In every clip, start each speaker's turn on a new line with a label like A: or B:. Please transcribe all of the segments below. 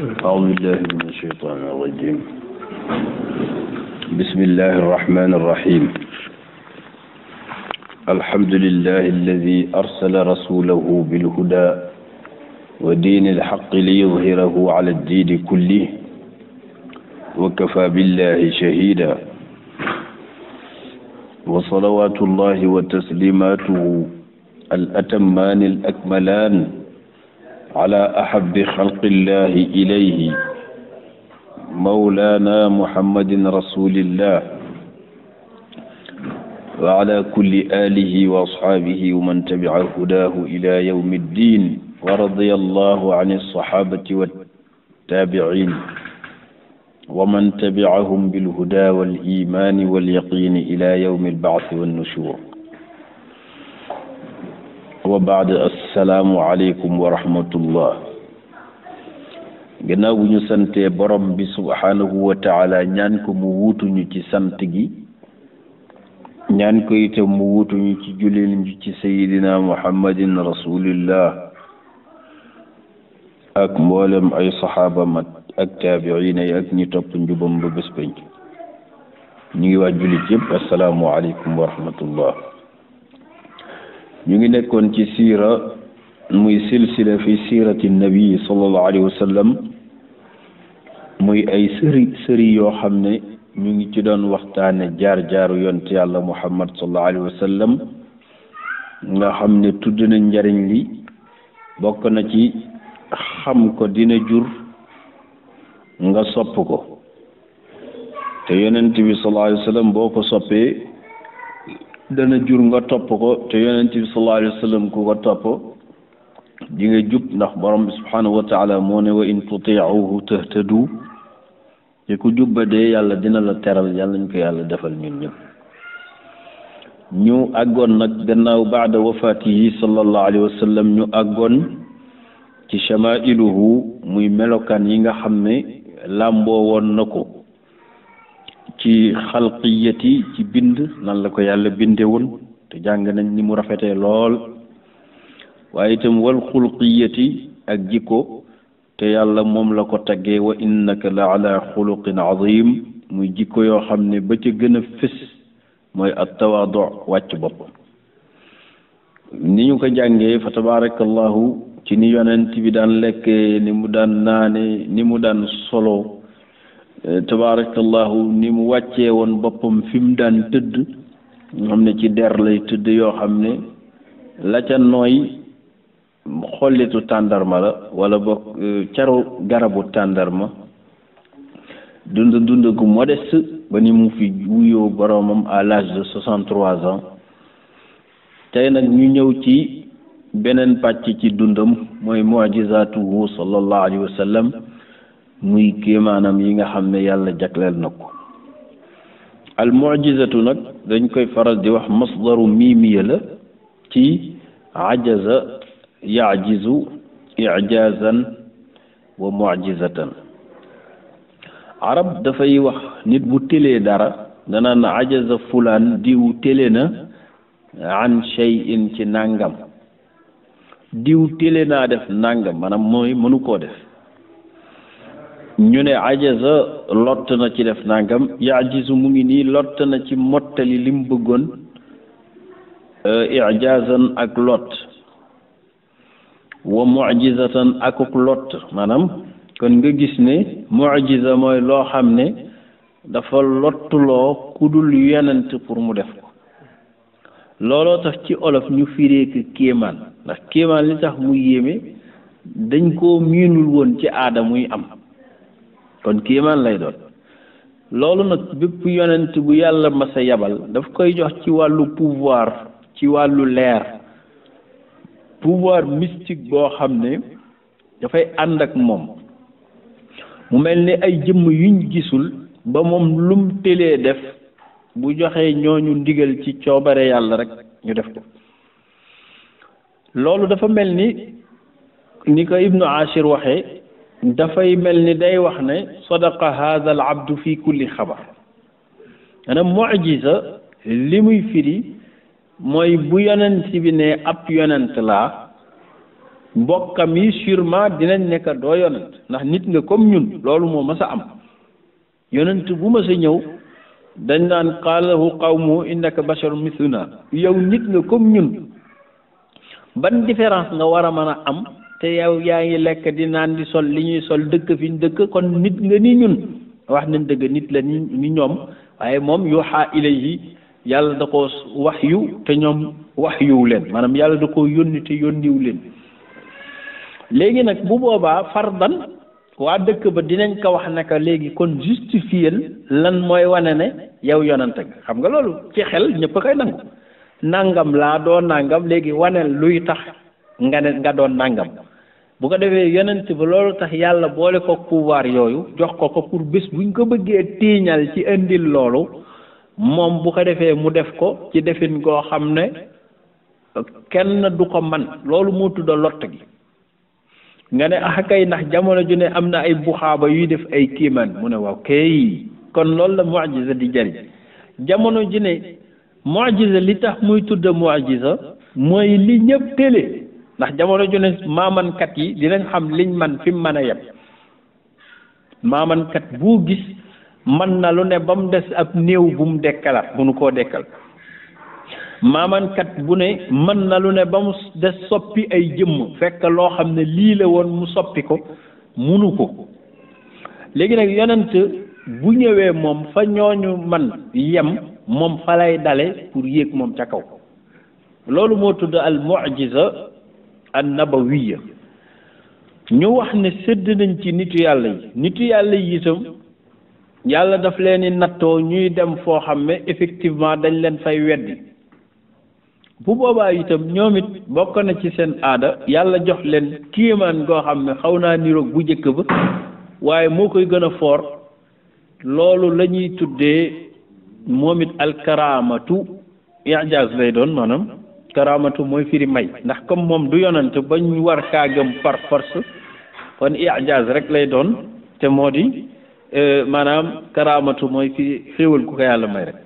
A: أعوذ بالله من الشيطان الرجيم بسم الله الرحمن الرحيم الحمد لله الذي أرسل رسوله بالهدى ودين الحق ليظهره على الدين كله وكفى بالله شهيدا وصلوات الله وتسليماته الأتمان الأكملان على أحب خلق الله إليه مولانا محمد رسول الله وعلى كل آله وأصحابه ومن تبع هداه إلى يوم الدين ورضي الله عن الصحابة والتابعين ومن تبعهم بالهدى والإيمان واليقين إلى يوم البعث والنشور wa baad assalaamu aleykum wa rahmatullah gannaaw bu ñu santee borom bi subhaanahu wa taala ñaan ko mu wuutuñu ci sant gi ñaan ko itam mu wuutuñu ci julin ñu ci sayidina muhammadin rasulillah ak mboolem ay saxaaba mat ak taabiina yi ak ñi topp njubam ba bés bañ ñu ngi waaj julit yëpp salaam aleykum wa rahmatullah ñu ngi nekkoon ci siira muy silsila fi siirati nabi sallallahu alayhi muy ay sëri sëri yoo xam ne ñu ngi ci doon waxtaane jaar-jaaru yonte yàlla muhammad sallallahu alayhi wa sallam nga xam ne tudd na njariñ li bokk na ci xam ko dina jur nga sopp ko te yonent bi sallallahu alayhi boo ko soppee dana jur nga topp ko te yonent bi sallallahu alayhi wa ku ko topp di nga jub ndax borom bi subhanahu moo ne wa in tutiuhu tahtadu te ku jubba dee yàlla dina la teral yàlla ñu ko yàlla defal ñun ñëpp ñu àggoon nag gannaaw baada wafaatihi sallallahu alayhi wa sallam ñu àggoon ci chamailuhu muy melokaan yi nga xam ne làmboo woon na ko ci xalqiyati ci bind nan la ko yàlla binde woon te jàng nañ ni mu rafete lool waaye itam wal xulqiyati ak jikko te yàlla moom la ko taggee wa innaka la ala xuluqin azim muy jikko yoo xam ne ba ca gën a fës mooy at tawaadu wàcc bopp ni ñu ko jàngee fa tabaarakallahu ci ni yonent bi daan lekkee ni mu daan naane ni mu daan solo tabaarakallahu ni mu wàccee woon boppam fi mu daan tëdd nga xam ne ci der lay tëdd yoo xam ne la ca nooy xollitu tàndarma la wala boog euh, caru garabu tàndarma dund dund gu modeste ba ni mu fi wuyoo boromam à l'âge de soixante trois ans tey nag ñu ñëw ci beneen pàcc ci dundam mooy mujizaatuhu sallallahu alayhi wa sallam muy kéemaanam yi nga xam ne yàlla jagleel na ko al mucjizatu nag dañ koy faral di wax masdaru miimiya la ci ajaza yajizu ijazan wa mucjizatan arab dafay wax nit bu télee dara danaan ajaza fulaan diw télé na an shay'in ci nàngam diw télé naa def nàngam maanaam mooy mënu koo def ñu ne ajaza lott na ci def nangam yajizu mu ngi nii lott na ci mottali li mu bëggoon euh, ijazan ak lott wa mujizatan akuk lott maanaam kon nga gis ne mujiza mooy loo xam ne dafa lottuloo dul yonent pour mu def ko looloo tax ci olof ñu firee ko kéemaan ndax kéemaan li tax mu yéeme dañ koo miinul woon ci aada muy am kon kiimaan lay doon loolu nag bépp yonent bu yàlla masa yabal daf koy jox ci wàllu pouvoir ci wàllu leer pouvoir mystique boo xam ne dafay ànd ak moom mu mel ni ay jëmm yuñ gisul ba moom lum tëlee def bu joxee ñooñu ndigal ci coobare yàlla rek ñu def ko loolu dafa mel ni ni ko ibnu Ashir waxee dafay mel ni day wax ne sadaqa hadha al abdu fi kulli xabar dana mujiza li muy firi mooy bu yonent bi ne ab yonent la mbokkam yi sûrement dinañ nekk doo yonent ndax nit nga comme ñun loolu moo mas a am yonent bu mas a ñëw dañ naan qaalahu qawmu innaka basharun mithluna yow nit nga comme ñun ban nga war a mën a am te yow yaa ngi lekk di naan di sol li ñuy sol dëkk fi ñu dëkk kon nit nga ni ñun wax nañ dëgg nit la ni ñoom waaye moom yuuxaa ilayhi yàlla da ko wax yu te ñoom wax yuw leen maanaam yàlla da koo yónni te yónniw leen léegi nag bu boobaa fardan waa dëkk ba dinañ ko wax ne léegi kon justifier lan mooy wane ne yow yonent xam nga loolu ci xel ñëpp koy nangu nangam laa doon nangam léegi wane luy tax nga ne nga doon nangam bu ko defee yonent bi loolu tax yàlla boole ko pouvoir yooyu jox ko ko pour bés bu buñ ko bëggee tiiñal ci indil loolu moom bu ko defee mu def ko ci defin goo xam ne kenn du ko man loolu moo tudda lott gi nga ne ah ndax jamono ju ne am na ay buxaaba yuy def ay kiimaan mu ne waaw kay kon loolu la mujiza di jariñ jamono ji ne mujiza li tax muy tudda mujiza mooy li ñëpp télé ndax jamono ju ne maamankat yi dinañ xam liñ man fi mu mën a yem maamankat boo gis man na lu ne ba mu des ab néew bu mu dekkalaat munu koo dekkal maamankat bu ne mën na lu ne ba mu des soppi ay jëmm fekk loo xam ne lii la woon mu soppi ko munu ko léegi nag yonent bu ñëwee moom fa yem moom fa lay dale pour yéeg moom ca kaw loolu moo tudd al mu'jiza annabawiya ñu wax ne sëdd nañ ci nitu yàlla yi nitu yàlla yi itam yàlla daf leen di nattoo ñuy dem foo xam ne effectivement dañ leen fay weddi bu boobaa itam ñoom it bokk na ci seen aada yàlla jox leen kiimaan goo xam ne xaw naa niroog bu njëkk ba waaye moo koy gën a foor loolu la ñuy tuddee moom it alkaraamatu ijaaz lay doon maanaam karaamatu mooy firi may ndax comme moom du yonant bañ war kaa gëm par kon ijaaz rek lay doon te moo di euh, maanaam karaamatu mooy firi xéewal ku ko yàlla may rek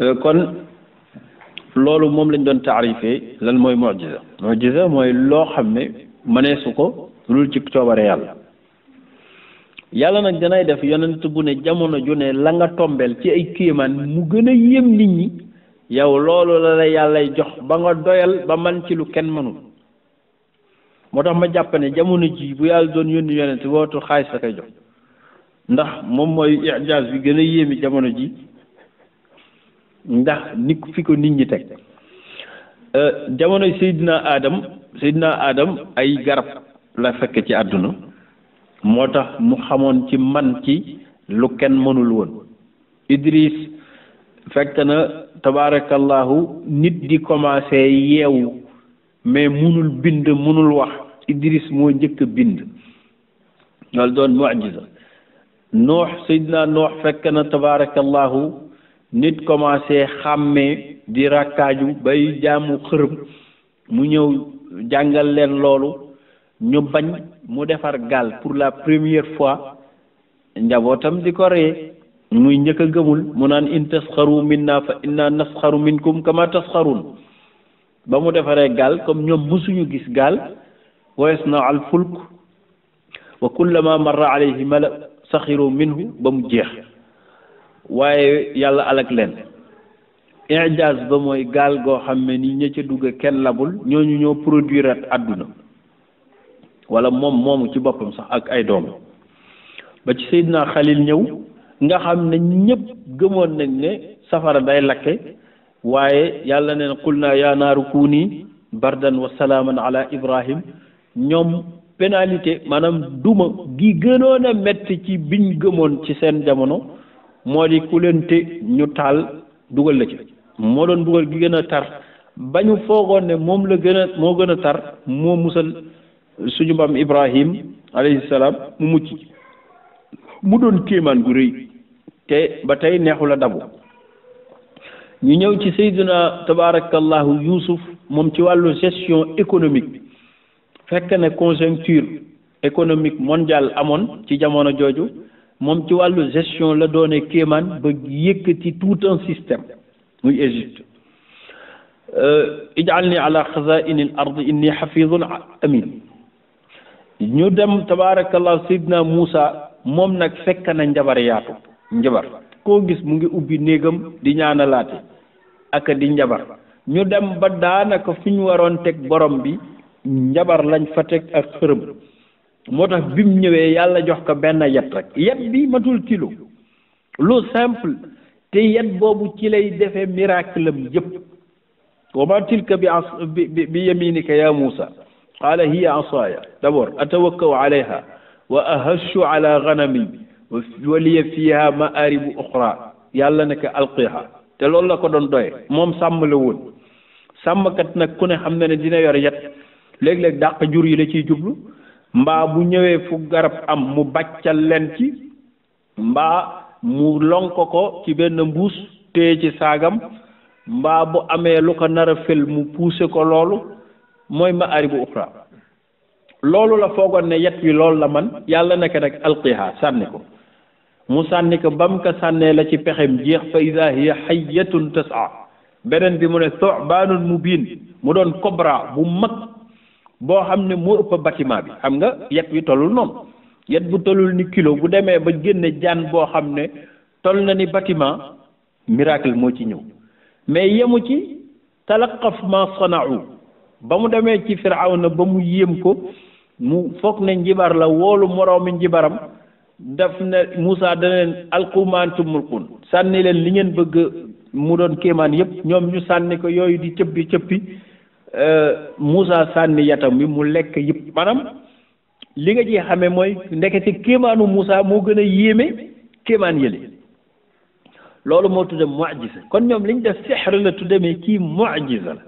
A: euh, kon loolu moom lañ doon taarifee lan mooy mujiza mujiza mooy loo xam ne mëneesu ko lul ci coobare yàlla yàlla nag danay def yonent bu ne jamono ju ne la nga tombeel ci ay kéemaan mu gën a yëm nit ñi yow loolu la la yàllay jox ba nga doyal ba man ci lu kenn mënul moo tax ma jàpp ne jamono ji bu yàlla doon yónni yonent wootu xaalis la koy jox ndax moom mooy ijaaz bi gën a yéemi jamono ji ndax ni fi ko nit ñi teg euh, jamono Seydina Adam Seydina Adam ay garab la fekk ci àdduna moo tax mu xamoon ci man ci lu kenn mënul woon Idris fekk na tabaarakallahu nit di commencé yeewu mais munul bind munul wax Idris moo njëkk a bind loolu doon mucjisa noox seydina noox fekk na tabaarakallahu nit commencé xàmmee di ràkkaaju bay jaamu xërëm mu ñëw jàngal leen loolu ñu bañ mu defar gaal pour la première fois njabootam di ko ree muy njëkk gëmul mu naan in tasxaru minna fa inna nasxaru minkum kama tasxarun ba mu defaree gaal comme ñoom suñu gis gaal wa yasnau al fulk wa kullama marra alayhi mala saxiru minhu ba mu jeex waaye yàlla alak leen ijaaz ba mooy gaal goo xam ne ni ña ca dugg kenn labul ñooñu ñëw produire at àdduna walla moom moomu ci boppam sax ak ay doom ba ci Seydina Xalil ñëw nga xam ne ñëpp gëmoon nañ ne safara day lakke waaye yàlla nee na qul naa yaa naaru kuuni bardan wa alaa ala ibrahim ñoom pénalité maanaam duma gi gënoon a metti ci biñ gëmoon ci seen jamono moo di ku leen te ñu taal dugal la ci moo doon dugal gi gën a tar ba ñu foogoon ne moom la gën a moo gën a tar moo musal suñu maam ibrahim alayhi salaam mu mucc mu doon kéemaan gu rëy te ba tey neexul a dabu ñu ñëw ci sayduna tabarakallahu yusuf moom ci wàllu gestion économique fekk ne conjoncture économique mondial amoon ci jamono jooju moom ci wàllu gestion la doone kéemaan ba yëkkati tout un système muy Égypte euh, ij'alni ala xazaini ard inni xafidun amin ñu dem tabarakallahu sayduna Muusa moom nag fekk na njabar yaatu njabar koo gis mu ngi ubbi néegam di ñaanalaate ak di njabar ñu dem ba daanaka fi ñu waroon teg borom bi njabar lañ fa teg ak xërëm moo tax bi ñëwee yàlla jox ko benn yet rek yet bi matul kilo lu simple te yet boobu ci lay defee miracle am wa ma tilka bi bi bi yaminika ya Muusa qaala hiya asaaya d'abord atawakkau alayha wa ahashu ala ganami wa liya fiha maaribu oxra yàlla ne ko alqiha te loolu la ko doon doye moom sàmm la woon sàmmkat nag ku ne xam na ne dina yor yet léeg-léeg dàq jur yi la ciy jublu mbaa bu ñëwee fu garab am mu bàccal leen ci mbaa mu lonk ko ci benn mbuus téye ci saagam mbaa bu amee lu ko nar a mu puuse ko loolu mooy ma ari bu loolu la foogoon ne yet wi loolu la man yàlla nekk nag alqiha sànni ko mu sànni ko bam ko sànnee la ci pexem jeex fa ida hiya xayatun tasaa beneen bi mu ne sobaanun mubin mu biin mu doon kobra bu mag boo xam ne moo ëpp bâtiment bi xam nga yet wi tollul noonu yet bu tollul ni kilo bu demee ba génne jaan boo xam ne toll na ni bâtiment miracle moo ci ñëw mais yemu ci talaqaf ma sana'u ba mu demee ci na ba mu yéem ko mu foog ne njibar la woolu moroomi njibaram daf ne Moussa dana leen alqumaantum mulqun sànni leen li ngeen bëgg mu doon kéemaan yépp ñoom ñu sànni ko yooyu di cëppi cëppi euh, Moussa sànni yatam bi mu lekk yëpp maanaam li nga ci xamee mooy ndekete kéemaanu Moussa moo gën a yéeme kéemaan yële loolu moo tudde mu'jiza kon ñoom liñ def sihr la tudde mais kii mu'jiza la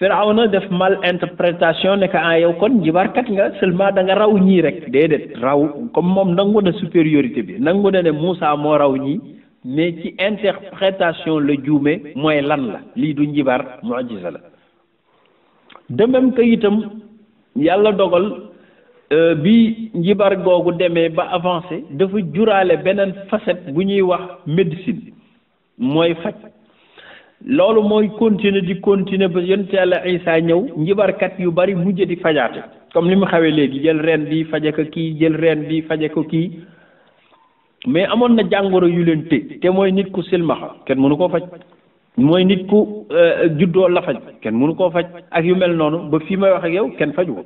A: na def mal interprétation ne ah yow kon jibarkat nga seulement danga raw ñii rek déedéet raw comme moom nangu na supériorité bi nangu na ne Moussa moo raw ñii mais ci interprétation la juume mooy lan la lii du njibar mujisa la de même que itam yàlla dogal euh, bi njibar googu demee ba avancé dafa juraale beneen facette bu ñuy wax médecine mooy faj loolu mooy continuer di continuer ba yonent yàlla Isaa ñëw njibarkat yu bari mujj di fajaate comme li mu xawee léegi jël reen bi faje ko kii jël reen bi faje ko kii mais amoon na jàngoro yu leen tëj te mooy nit ku silmaxa kenn mënu koo faj mooy nit ku euh, juddoo la faj kenn mënu koo faj ak yu mel noonu ba fii may wax ak yow kenn faju ko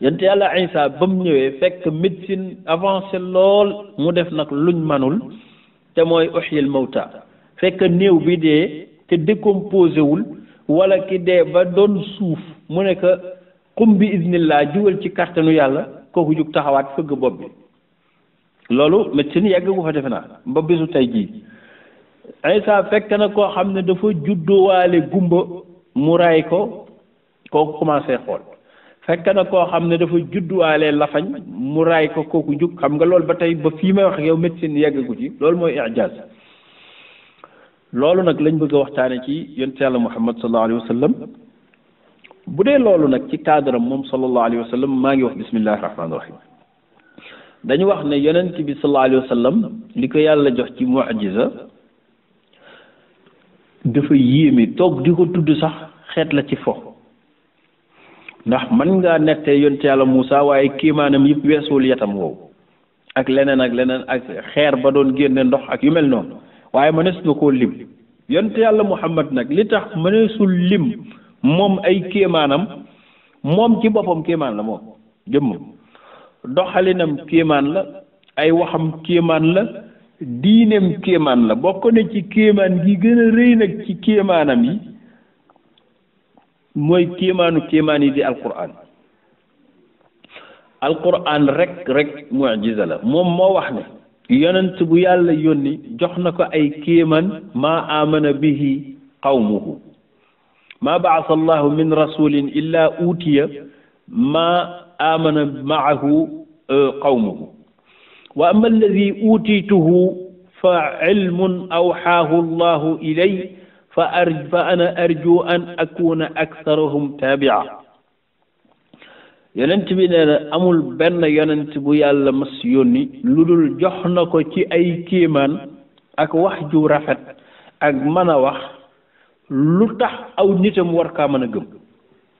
A: yonent yàlla Isaa ba mu ñëwee fekk médecine avancée lool mu def nag luñ manul te mooy uhyil mawta fekk néew bi dee te décomposé wul wala ki dee ba doon suuf mu ne ko xum bi idnillah jugal ci kàttanu yàlla kooku jug taxawaat fëgg bopp bi loolu médecine yàgg ko fa defe naa ba bisu tey jii Isa fekk na koo xam ne dafa judduwaale gumba mu ray ko kooku commencé xool fekk na koo xam ne dafa judduwaale lafañ mu ray ko kooku jóg xam nga loolu ba tey ba fii may wax yow médecine yàggagu ci loolu mooy ijaaz loolu nag lañ bëgg a waxtaane ci yonent yàlla muhammad sallallahu alayhi wa bu dee loolu nag ci cadre moom sallallahu alayhi wa maa ngi wax bismillahi rahmaani rahim dañu wax ne yonent bi sallallahu alayhi wa li ko yàlla jox ci mujiza dafa yéeme toog di ko tudd sax xeet la ci fo ndax man ngaa nettee yonent yàlla Muusa waaye kiimaanam yi weesuwul yetam woowu ak leneen ak leneen ak xeer ba doon génne ndox ak yu mel noonu waaye mënees na koo lim yonent yàlla Muhammad nag li tax mëneesul lim moom ay kéemaanam moom ci boppam kéemaan la moom jëmmam doxalinam kéemaan la ay waxam kéemaan la diineem kéemaan la bokk na ci kéemaan gi gën a rëy nag ci kéemaanam yi mooy kéemaanu kéemaan yi di alquran alquran rek rek mujiza la moom moo wax ne yonent bu yàlla yónni jox na ko ay kéeman maa amana bihi qawmuhu maa baasa allahu min rasulin illa uutiya maa amana maahu e, qawmuhu wa ama alladi uutiituhu fa cilmun awxaahu allahu ilay fa ar fa ana arju an akuna aktharahum taabia yonent bi nee na amul benn yonent bu yàlla mas yónni lu dul jox na ko ci ay kéemaan ak wax ju rafet ak mën a wax lu tax aw nitam war kaa mën a gëm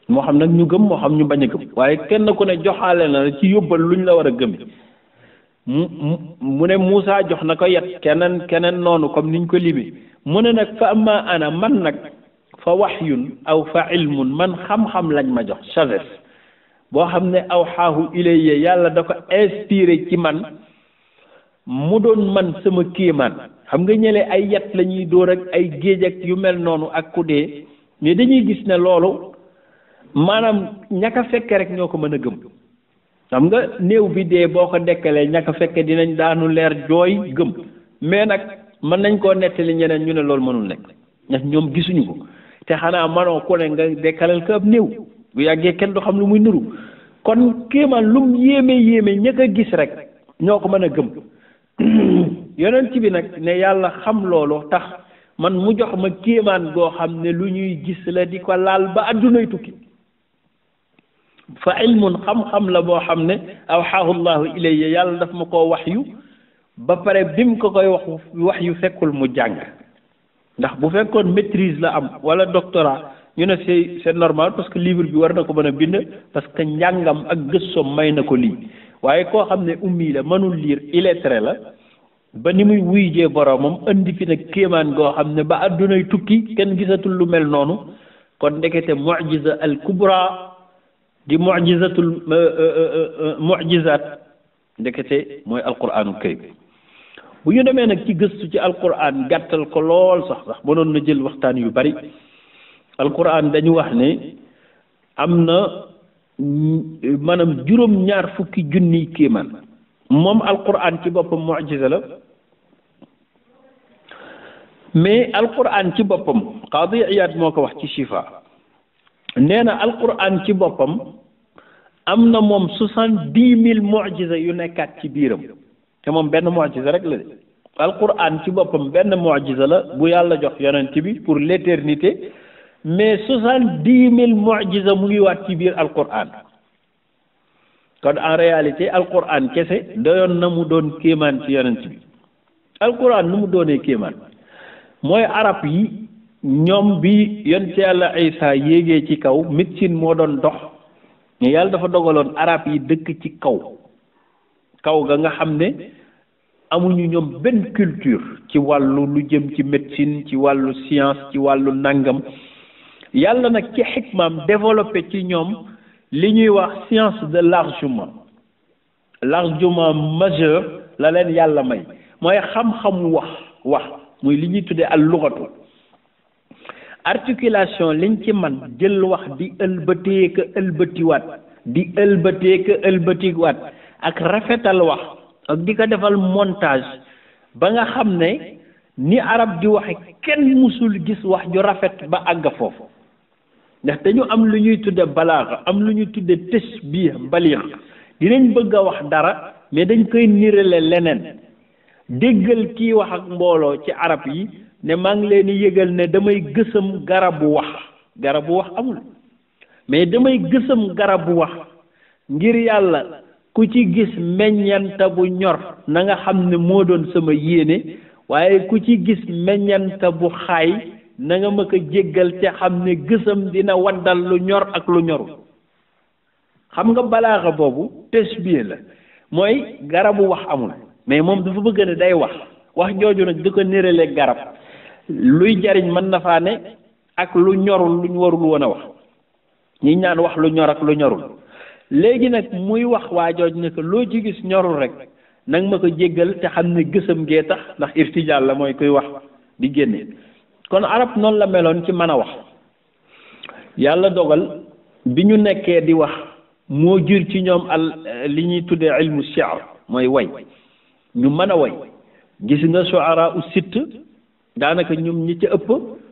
A: moo xam nag ñu gëm moo xam ñu bañ a gëm waaye kenn ku ne joxale na ci yóbbal luñ la war a gëmi mu ne Moussa jox na ko yet keneen keneen noonu comme niñ ko libi mu ne nag fa amma ana man nag fa yu aw fa ilmun man xam-xam lañ ma jox sagesse boo xam ne aw xaahu ilayya yàlla da ko inspiré ci man mu doon man sama kéemaan xam nga ñële ay yat la ñuy dóor ak ay géej ak yu mel noonu ak ku dee mais dañuy gis ne loolu maanaam ñaka fekke rek ñoo ko mën a gëm xam nga néew bi dee boo ko dekkalee ñaka fekke dinañ daanu leer jooy gëm mais nag mën nañ koo nettali ñeneen ñu ne loolu mënul nekk ndax ñoom gisuñu ko te xanaa manoo ku ne nga dekkalal ko ab néew bu yàggee kenn du xam lu muy nuru kon kéemaan lum yéeme yéeme ñëkk a gis rek ñoo ko mën a gëm yonent bi nag ne yàlla xam loolu tax man mu jox ma kéemaan goo xam ne lu ñuy gis la di ko laal ba addunay tukki fa ilmun xam-xam la boo xam ne awxaahu llahu ilayya yàlla daf ma ko wax yu ba pare bim ko koy wax wax yu fekkul mu jàng ndax bu fekkoon maîtrise la am wala doctorat ñu ne c'est c'est normal parce que livre bi war na ko mën a bind parce que njàngam ak gëstoom may na ko lii waaye koo xam ne ummi la mënul liir illettré la ba ni muy wuy jee boroomam andi fi nag kéemaan goo xam ne ba àddunay tukki kenn gisatul lu mel noonu kon ndekete mujiza al kubra di mujizatul euh, euh, euh, mujizat ndekete mooy alquraanul bu ñu demee nag ci gëstu ci alquran gàttal ko lool sax sax mënoon na jël waxtaan yu bari alquran dañu wax ni am na maanaam juróom ñaar fukki junniy kéemaan moom alquran ci boppam mucjisa la mais alquran ci boppam qaadi iyaad moo ko wax ci shifa nee na alquran ci boppam am na moom soixante dix mille mucjisa yu nekkaat ci biiram te moom benn mucjisa rek la de alquran ci boppam benn mucjisa la bu yàlla jox yonent bi pour l'éternité mais soixante dix mille mujiza mu ngi waat ci biir alquran kon en réalité alquran kese doyoon na mu doon kéemaan ci yonent bi alquran nu mu doonee kéemaan mooy arab yi ñoom bi yonent yàlla Isaa yéegee ci kaw médecine moo doon dox mais yàlla dafa dogaloon arab yi dëkk ci kaw kaw ga nga xam ne amuñu ñoom benn culture ci wàllu lu jëm ci médecine ci wàllu science ci wàllu ndàngam yàlla nag ci xikmaam développé ci ñoom li ñuy wax science de l'argument l'argument majeur la leen yàlla may mooy xam-xamu wax wax muy li ñuy tuddee al luxatu articulation liñ ci man jël wax di ëlbatee ka ëlbatiwaat di ëlbatee ka ëlbatiwaat ak rafetal wax ak di ko defal montage ba nga xam ne ni arab di waxe kenn mësul gis wax ju rafet ba àgg foofu dañu am lu ñuy tudde balaaxa am lu ñuy tudde tasbih baliix dinañ bëgg a wax dara mais dañ koy nirale leneen déggal kiy wax ak mbooloo ci arab yi ne maa ngi leen di yëgal ne damay gësam garabu wax garabu wax amul mais damay gësam garabu wax ngir yàlla ku ci gis meññanta bu ñor na nga xam ne moo doon sama yéene waaye ku ci gis meññanta bu xaay na nga ma ko jéggal te xam ne gësam dina waddal lu ñor ak lu ñoru xam nga balaaxa boobu tasbiya la mooy garabu wax amul mais moom dafa bëgg ne day wax wax jooju nag di ko nérale garab luy jariñ man na faa ne ak lu ñorul luñ warul woon a wax ñi ñaan wax lu ñor lu ñorul léegi nag muy wax waa jooj ne loo ci gis ñorul rek nag ma ko jéggal te xam ne gësam gee tax ndax irtijaal la mooy kuy wax di génne kon arab noonu la meloon ci mën a wax yàlla dogal bi ñu nekkee di wax moo jur ci ñoom al euh, li ñuy tuddee ilmu shi'r mooy way ñu mën a way gis nga suara u sitt daanaka ñoom ñi ci ëpp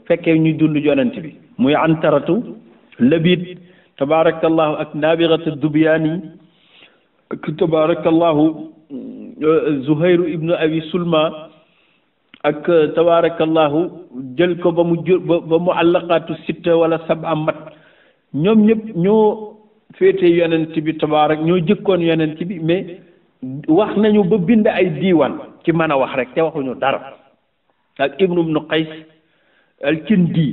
A: fekkee ñu dund jonant bi muy antaratu labid tabaarakallahu ak nabiratu dubyaani ak tabaarakallahu euh, zuhayru ibnu abi sulma ak euh, tabaarakallahu jël ko ba mu jur ba mu àllaqaatu sitta wala sab am ñoom ñëpp ñoo féete yonent bi tabaarak ñoo jëkkoon yonent bi mais wax nañu ba bind ay diiwaan ci mën a wax rek te waxuñu dara ak ibnu ibnu qays al-Kindi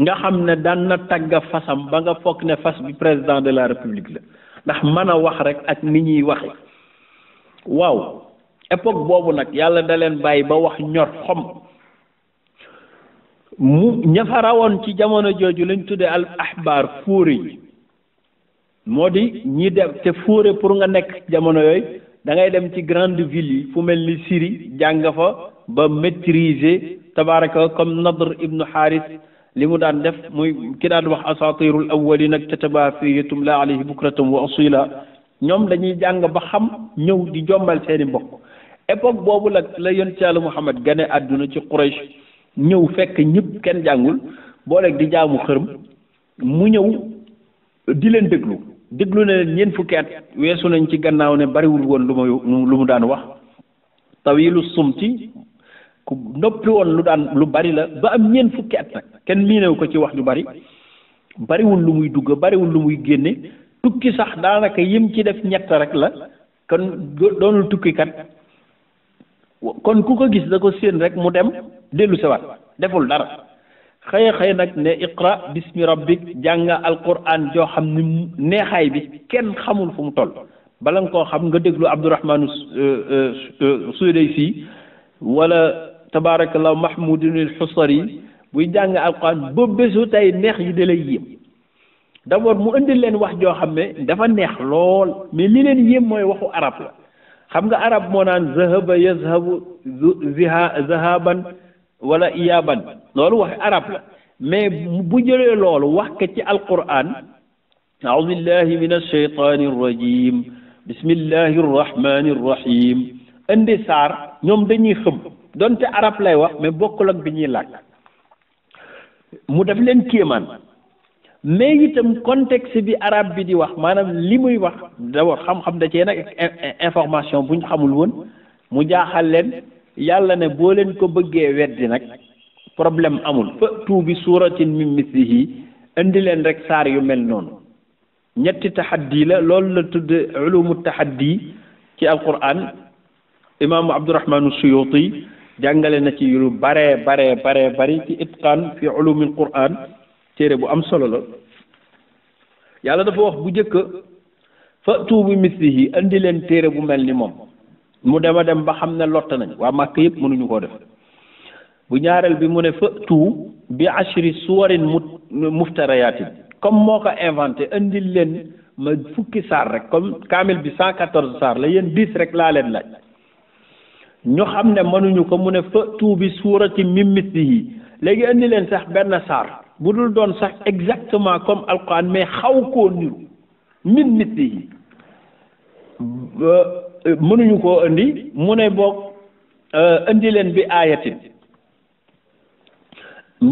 A: nga xam ne daan na tagga fasam ba nga foog ne fas bi président de la république la ndax mën a wax rek ak ni ñuy waxe waaw époque boobu nag yàlla da leen bàyyi ba wax ñor xom mu ña ci jamono jooju lañ tuddee al ahbaar fuure yi moo di ñi de te fuure pour nga nekk jamono yooyu dangay dem ci grande ville yi fu mel ni Syrie jàng fa ba maîtriser tabaraka comme Nadr ibnu Haris li mu daan def muy ki daan wax asatirul awwalin nag tataba fiitum la alayhi bukratam wa asila ñoom dañuy jàng ba xam ñëw di jombal seeni mbokk époque boobu la la yonent Yàlla Muhammad gane àdduna ci Quraysh ñëw fekk ñépp kenn jàngul booleeg di jaamu xërëm mu ñëw di leen déglu déglu na leen ñeent fukki at weesu nañ ci gannaaw ne bariwul woon lu ma lu mu daan wax lu sumti ku noppi woon lu daan lu bari la ba am ñeent fukki at nag kenn miinew ko ci wax ju bari bariwul lu muy dugg bariwul lu muy génne tukki sax daanaka yim ci def ñett rek la kon doonul tukkikat kon ku ko gis da ko séen rek mu dem dellu siwaat deful dara xëy xëy nag ne iqra bismi rabbik jànga alquran joo xam ni neexaay bi kenn xamul fu mu toll bala nga koo xam nga déglu abdourahmanu euh, euh, euh, sudaysi wala tabarakallahu mahmudinil xusari buy jàng alquran ba bésu tey neex yi da lay yéem d'abord mu indil leen wax joo xam ne dafa neex lool mais li leen yéem mooy waxu arab la xam nga arab moo naan zahaba yazhabu ziha zahaban wala iyaban loolu waxi arab la mais bu jëlee loolu wax ko ci alquran a'udhu billahi minash shaytanir rajim bismillahir rahmanir rahim indi saar ñoom dañuy xëm donte arab lay wax mais bokkul ak bi ñuy làkk mu def leen kéemaan mais itam contexte bi araab bi di wax maanaam li muy wax d'abord xam-xam da cee nag information bu ñu xamul woon mu jaaxal leen yàlla ne boo leen ko bëggee weddi nag problème amul fatu bi suratin min mislihi indi leen rek saar yu mel noonu ñetti tahaddi la lool la tudd ulumu tahaddi ci alquran imaamu abdurahmanu suyuti jàngale na ci yu baree baree baree bari ci itqaan fi ulumil quran téere bu am solo la yàlla dafa wax bu njëkk fa'tu bi mislihi andi leen téere bu mel ni moom mu dema dem ba xam ne lott nañ waa màkk yëpp mënuñu koo def bu ñaareel bi mu ne fa'tu bi ashri suwarin muftarayatin comme moo ko inventé indi leen ma fukki saar rek comme kaamil bi cent quatorze saar la yéen dix rek laa leen laaj ñu xam ne mënuñu ko mu ne fa'tu bi suurati min mislihi léegi andi leen sax benn saar bu dul doon sax exactement comme alquran mais xaw koo niru min nit yi euh, mënuñu koo indi mu ne boog euh, indi leen bi aayatin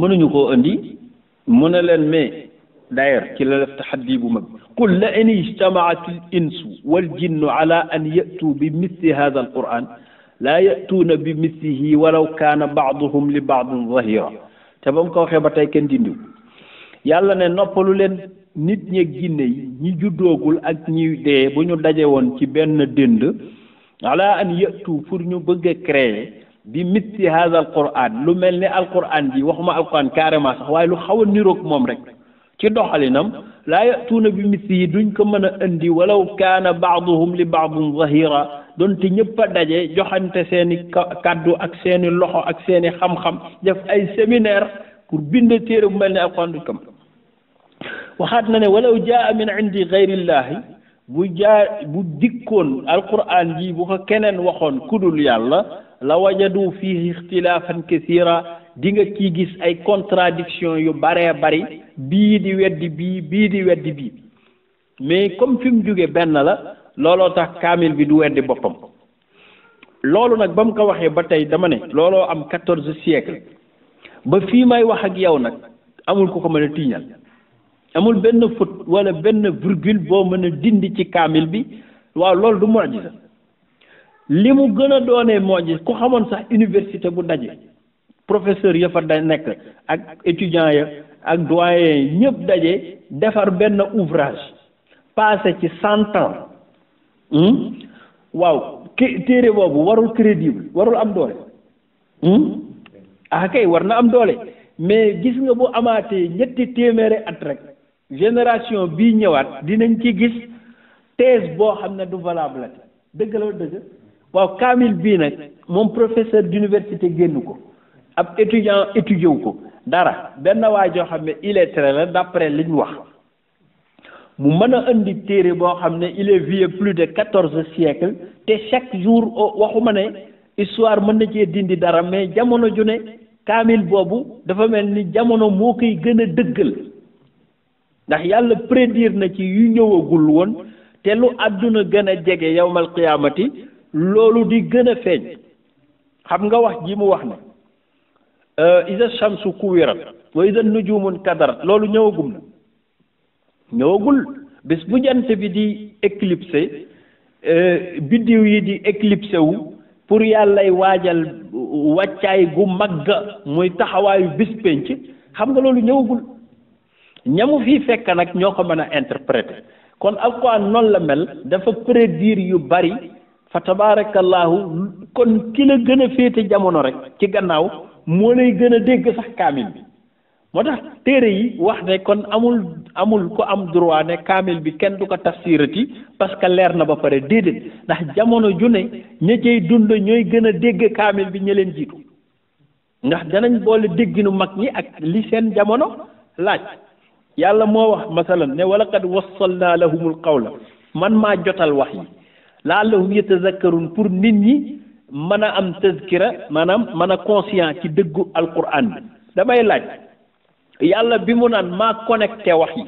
A: mënuñu koo indi mu ne leen mais d'ailleurs ci la def taxaddi bu mag qul la in ijtamaat al insu wal jinnu ala an yatu bi misli hada al quran laa yatuuna bi mislihi walaw kaana baaduhum li baadin zahira te ba mu ko waxee ba tey kenn dindiw yàlla ne noppalu leen nit ñeeg jinne yi ñi juddoogul ak ñi dee bu ñu dajee woon ci benn dënd ala an yëtu pour ñu bëgg a créer bi mitti haza alquran lu mel ni alquran ji waxuma alquran carrément sax waaye lu xaw a niroog moom rek ci doxalinam laa yatuuna bi mitti yi duñ ko mën indi walaw kaana baaduhum li baadin zahira donte ñëpp a daje joxante seeni kàddu ak seeni loxo ak seeni xam-xam def ay séminaire pour bind téere bu mel ni alquran waxaat na ne walaw jaa min indi gayrillahi bu jaa bu dikkoon alquran ji bu ko keneen waxoon kudul yàlla la wajadu fi ixtilaafan kasiira di nga ci gis ay contradiction yu baree bari bii di weddi bii bii di weddi bii mais comme fi jóge benn la looloo tax kaamil bi du weddi boppam loolu nag ba mu ko waxee ba tey dama ne looloo am quatorze siècle ba fii may wax ak yow nag amul ko ko mën a tiiñal amul benn faute walla benn virgule boo mën a dindi ci kaamil bi waaw loolu du mojisa li mu gën a doonee mojis ku xamoon sax université bu daje professeur ya fa da nekk ak étudiant ya ak doyen ñëpp daje defar benn ouvrage passé ci cent Hmm? waaw ki téere boobu warul crédible warul am doole hmm? ah kay war na am doole mais gis nga bu amaatee ñetti téeméeri at rek génération bii ñëwaat dinañ ci gis thèse boo xam ne du valable la dëgg la dëgg waaw kaamil bii nag moom professeur d'université génn ko ab étudiant étudié wu ko dara benn waa joo xam ne illettré la d'après liñ wax mu mën a indi téere boo xam ne il est vieux plus de quatorze siècles te chaque jour waxuma ne histoire mën na cee dindi dara mais jamono ju ne kaamil boobu dafa mel ni jamono moo koy gën a dëggal ndax yàlla prédure na ci yu ñëwagul woon te lu àdduna gën a jege yawmal qiyaamati loolu di gën a feeñ xam nga wax ji mu wax ne euh, isa shamsu kuwirat wa isa nujumun kadarat loolu ñëwagum na ñëwagul bés bu jant bi di éclipsé euh, biddiw yi di éclipsé wu pour yàllay waajal wàccaay gu mag magga muy taxawaayu bis pénc xam nga loolu ñëwagul ñamu fii fekk nag ñoo ko mën a interpréter kon ak alquran noonu la mel dafa prédire yu bari fa tabarakallahu kon ki la gën a féete jamono rek ci gannaaw moo lay gën a dégg sax kaamil moo tax téere yi wax ne kon amul amul ku am droit ne kaamil bi kenn du ko tafsirati parce que leer na ba pare déedéet ndax jamono ju ne ña cay dund ñooy gën a dégg kaamil bi ñu leen jiitu ndax danañ boole dégginu mag ñi ak li seen jamono laaj yàlla moo wax masalan ne wala qad wassalnaa lahumul qawla man maa jotal wax yi laallahum yatazakkarun pour nit ñi mën a am tazkira maanaam mën a conscient ci dëggu alquran bi damay laaj yàlla bi mu naan maa connecté wax yi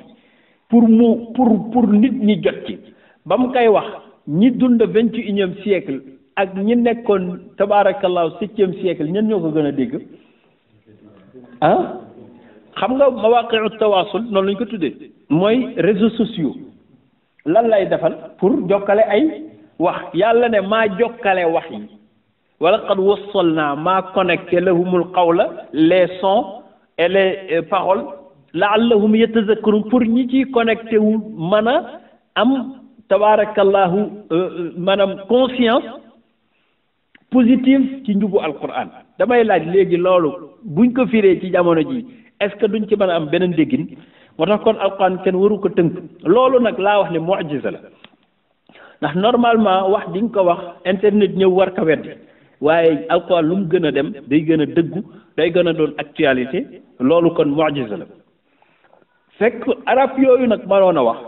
A: pour mu pour pour nit ñi jot ci ba mu kay wax ñi dund vingt et unième siècle ak ñi nekkoon tabaarakallahu septième siècle ñen ñoo ko gën a dégg ah xam nga mawaqiu tawaasul noonu lañ ko tuddee mooy réseaux sociaux lan lay defal pour jokkale ay wax yàlla ne maa jokkale wax yi wala qad wassal naa maa connecté lahumul qawla les sons et les euh, paroles laallahum yatazakkarun pour ñi ci connecté wu mën a am tabaarakallahu euh, euh, maanaam conscience positive ci njubu alquran damay laaj léegi loolu buñ ko firee ci jamono ji est-ce que duñ ci mën a am beneen déggin moo tax kon alquran kenn waru ko tënk loolu nag laa wax ne mu'jiza la ndax normalement wax di nga ko wax internet ñëw war ko weddi waaye alquran lu mu gën a dem day gën a dëggu day gën a doon actualité loolu kon mucjisa la fekk arab yooyu nag maroon a wax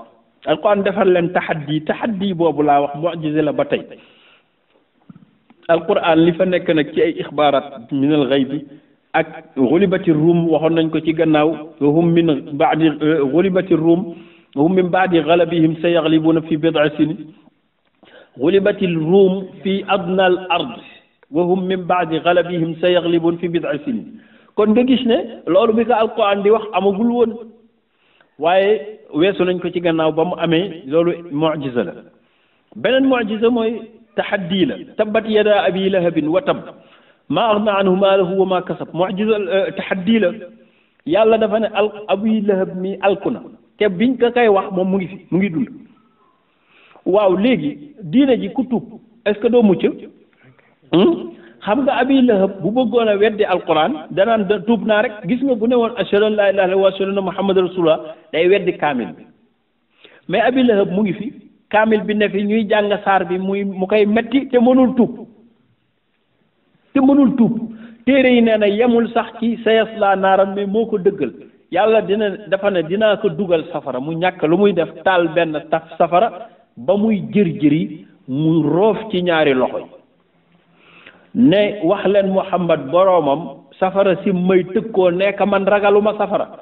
A: alquran defar leen taxaddi taxaddi boobu laa wax mucjisa la ba tey alquran li fa nekk nag ci ay ixbaaraat min al xaybi ak xulibati ruum waxoon nañ ko ci gannaaw hum min baadi xulibati ruum hum min baadi galabihim sa yaxlibuuna fi bid'a sini xulibati ruum fi adna al wa hum min baadi galabihim sa yaglibun fi bid'i sinin kon nga gis ne loolu bi ko alquran di wax amagul woon waaye weesu nañ ko ci gannaaw ba mu amee loolu mu'jiza la beneen mu'jiza mooy taxaddi la tabbat yada abi lahabin wa tab maa agna anhu maalahu wa maa kasab mu'jiza euh, taxaddi la yàlla dafa ne al abi lahab mi alku na te biñ ko koy wax moom mu ngi mu ngi dund waaw léegi diina ji ku tuub est-ce que Hmm? xam nga abi lahab bu bëggoon a weddi alquran danaan da tuub naa rek gis nga bu newoon woon ashhadu an laa ilaaha illallaah wa ashhadu anna muhammadan rasulullah day mais abi lahab mu ngi fi kaamil bi ne fi ñuy jàng saar bi muy mu koy metti te mënul tuub te mënul tuub téere yi nee na yemul sax ci sayaslaa naaran mais moo ko dëggal yàlla dina dafa ne dinaa ko dugal safara mu ñàkk lu muy def taal benn taf safara ba muy jër jëri mu roof ci ñaari loxo yi ne wax leen Muhammad boroomam safara si may tëkkoo nekk man ragaluma safara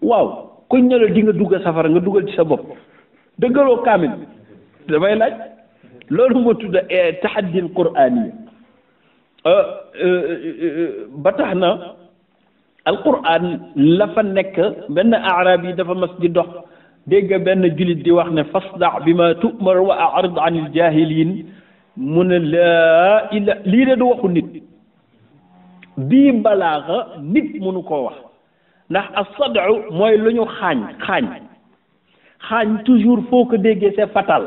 A: waaw kuñ ne la di nga dugg safara nga dugal ci sa bopp dëggaloo kaamil damay laaj loolu moo tudd eh, taxaddil quraani euh, euh, euh, ba tax na alquran la fa nekk benn arab yi dafa mas di dox dégg benn julit di wax ne fasda bi ma tumar wa arid an il jahilin mu ne laa ila lii de du waxu nit bii balaaxa nit mënu ko wax ndax as-sad'u mooy lu ñu xaañ xaañ xaañ toujours foo ko déggee c'est fatal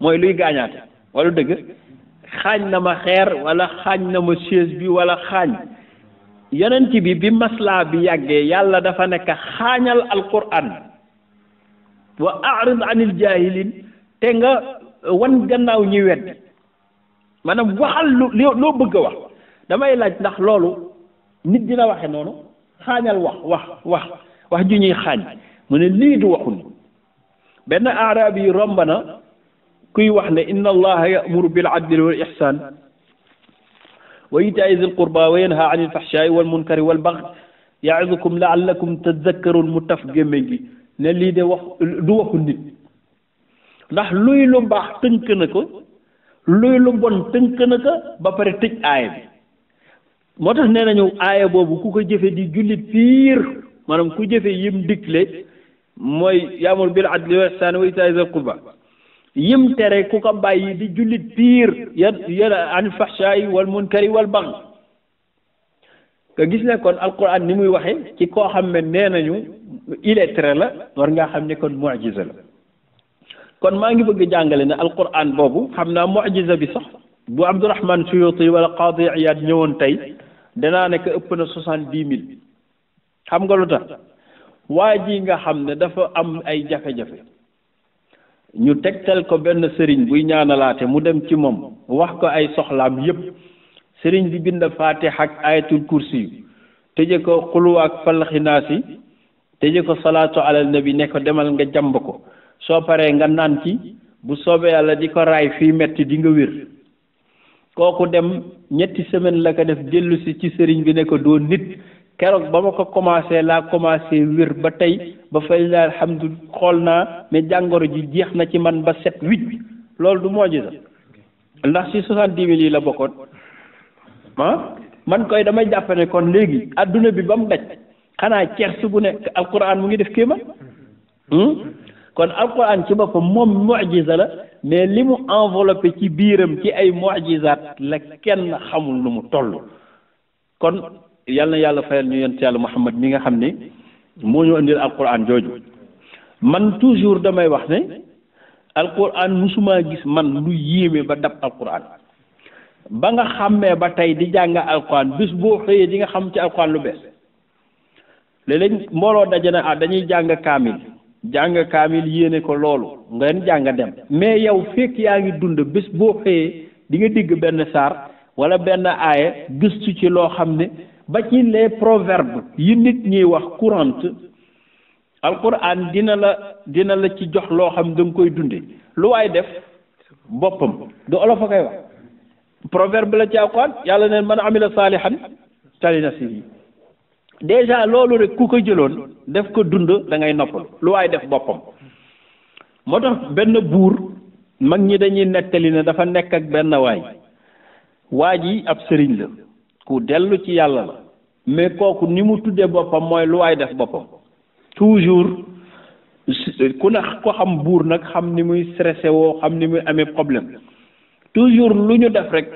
A: mooy luy gaañaate wala dëgg xaañ na ma xeer walla xaañ na ma chaise bi walla xaañ yonent bi bi maslaa bi yàggee yàlla dafa nekk xaañal alquran wa a'rid anil jaahilin te nga wan gannaaw ñi wedd maanaam waxal lu loo bëgg a wax damay laaj ndax loolu nit dina waxe noonu xaañal wax wax wax wax ju ñuy xaañ mu ne lii du waxu ni benn aarab yi romb kuy wax ne inna allaha yamuru bil adli wal ihsan wa itaai zil qurba wa yanha anil fahshai wal munkari wal baghi yaidukum laallakum tadakkarun mu taf gémmiñ gi lii de wax du waxu nit ndax luy lu mbaax tënk na ko loolu mbon tënk na ka ba pare tëj aaya bi moo tax nee nañu aaya boobu ku ko jëfe di jullit piir manam ku jëfe yim digle mooy yaamur bil adli wa ihsaan wa iitaa'i zil yim tere ku ko bàyyi di jullit piir yan yan an fahshaa'i wal munkari wal baghi nga gis ne kon alquran ni muy waxe ci koo xam ne nee nañu illettré la war ngaa xam ne kon mu'jiza la kon maa ngi bëgg jàngale ne alquran boobu xam naa mu'jiza bi sax bu Abdourahman Suyuti wala Qadi Iyad ñëwoon tey danaa nekk ëpp na soixante dix mille xam nga lu tax waa ji nga xam ne dafa am ay jafe-jafe ñu tegtal ko benn sëriñ buy ñaanalaate mu dem ci moom wax ko ay soxlaam yépp sëriñ bi bind faatiha ak ayatul kursi yu tëje ko xulu ak falaxinaasi tëje ko salaatu alal nabi ne ko demal nga jàmb ko soo paree nga naan ci bu soobee yàlla di ko raay fii metti di nga wér kooku dem ñetti semaine la ko def dellusi ci sëriñ bi ne ko doo nit keroog ba ma ko commencé laa commencé wér ba tey ba fay la alhamdu xool naa mais jàngoro ji jeex na ci man ba set wicc loolu du mooji sax ndax si soixante-dix mille yi la bokkoon ah man koy damay jàpp kon léegi àdduna bi ba mu daj xanaa ceer su bu nekk alquran mu ngi def kéema hmm? kon alquran ci boppam moom mucjisa la mais li mu enveloppé ci biiram ci ay mucjisaat la kenn xamul nu mu toll kon yal na yàlla fayal ñu yent yàlla muhammad mi nga xam ni moo ñu indil alquran jooju man toujours damay wax ne su ma gis man lu yéeme ba dab alquran ba nga xàmmee ba tey di jàng alquran bis boo xëyee di nga xam ci alquran lu bees léeg-léeg mbooloo daje na ah dañuy jàng kaamil jàng kaamil yéene ko loolu ngeen jàng dem mais yow fekk yaa ngi dund bés boo xëyee di nga digg benn saar wala benn aaya gëstu ci loo xam ne ba ci les proverbes yi nit ñiy wax courante alquran dina la dina la ci jox loo xam da nga koy dunde lu waay def boppam du olof a koy wax proverbe la ci alquran yàlla neen man amila saalihan tali nafsihi déjà loolu rek ku ko jëloon def ko dund da ngay noppal lu waay def boppam moo tax benn buur mag ñi dañuy nettali na dafa nekk ak benn waay waa ji ab sëriñ la ku dellu ci yàlla la mais kooku ni mu tuddee boppam mooy lu waay def boppam toujours ku ne ko xam buur nag xam ni muy stressé woo xam ni muy amee problème toujours lu ñu def rek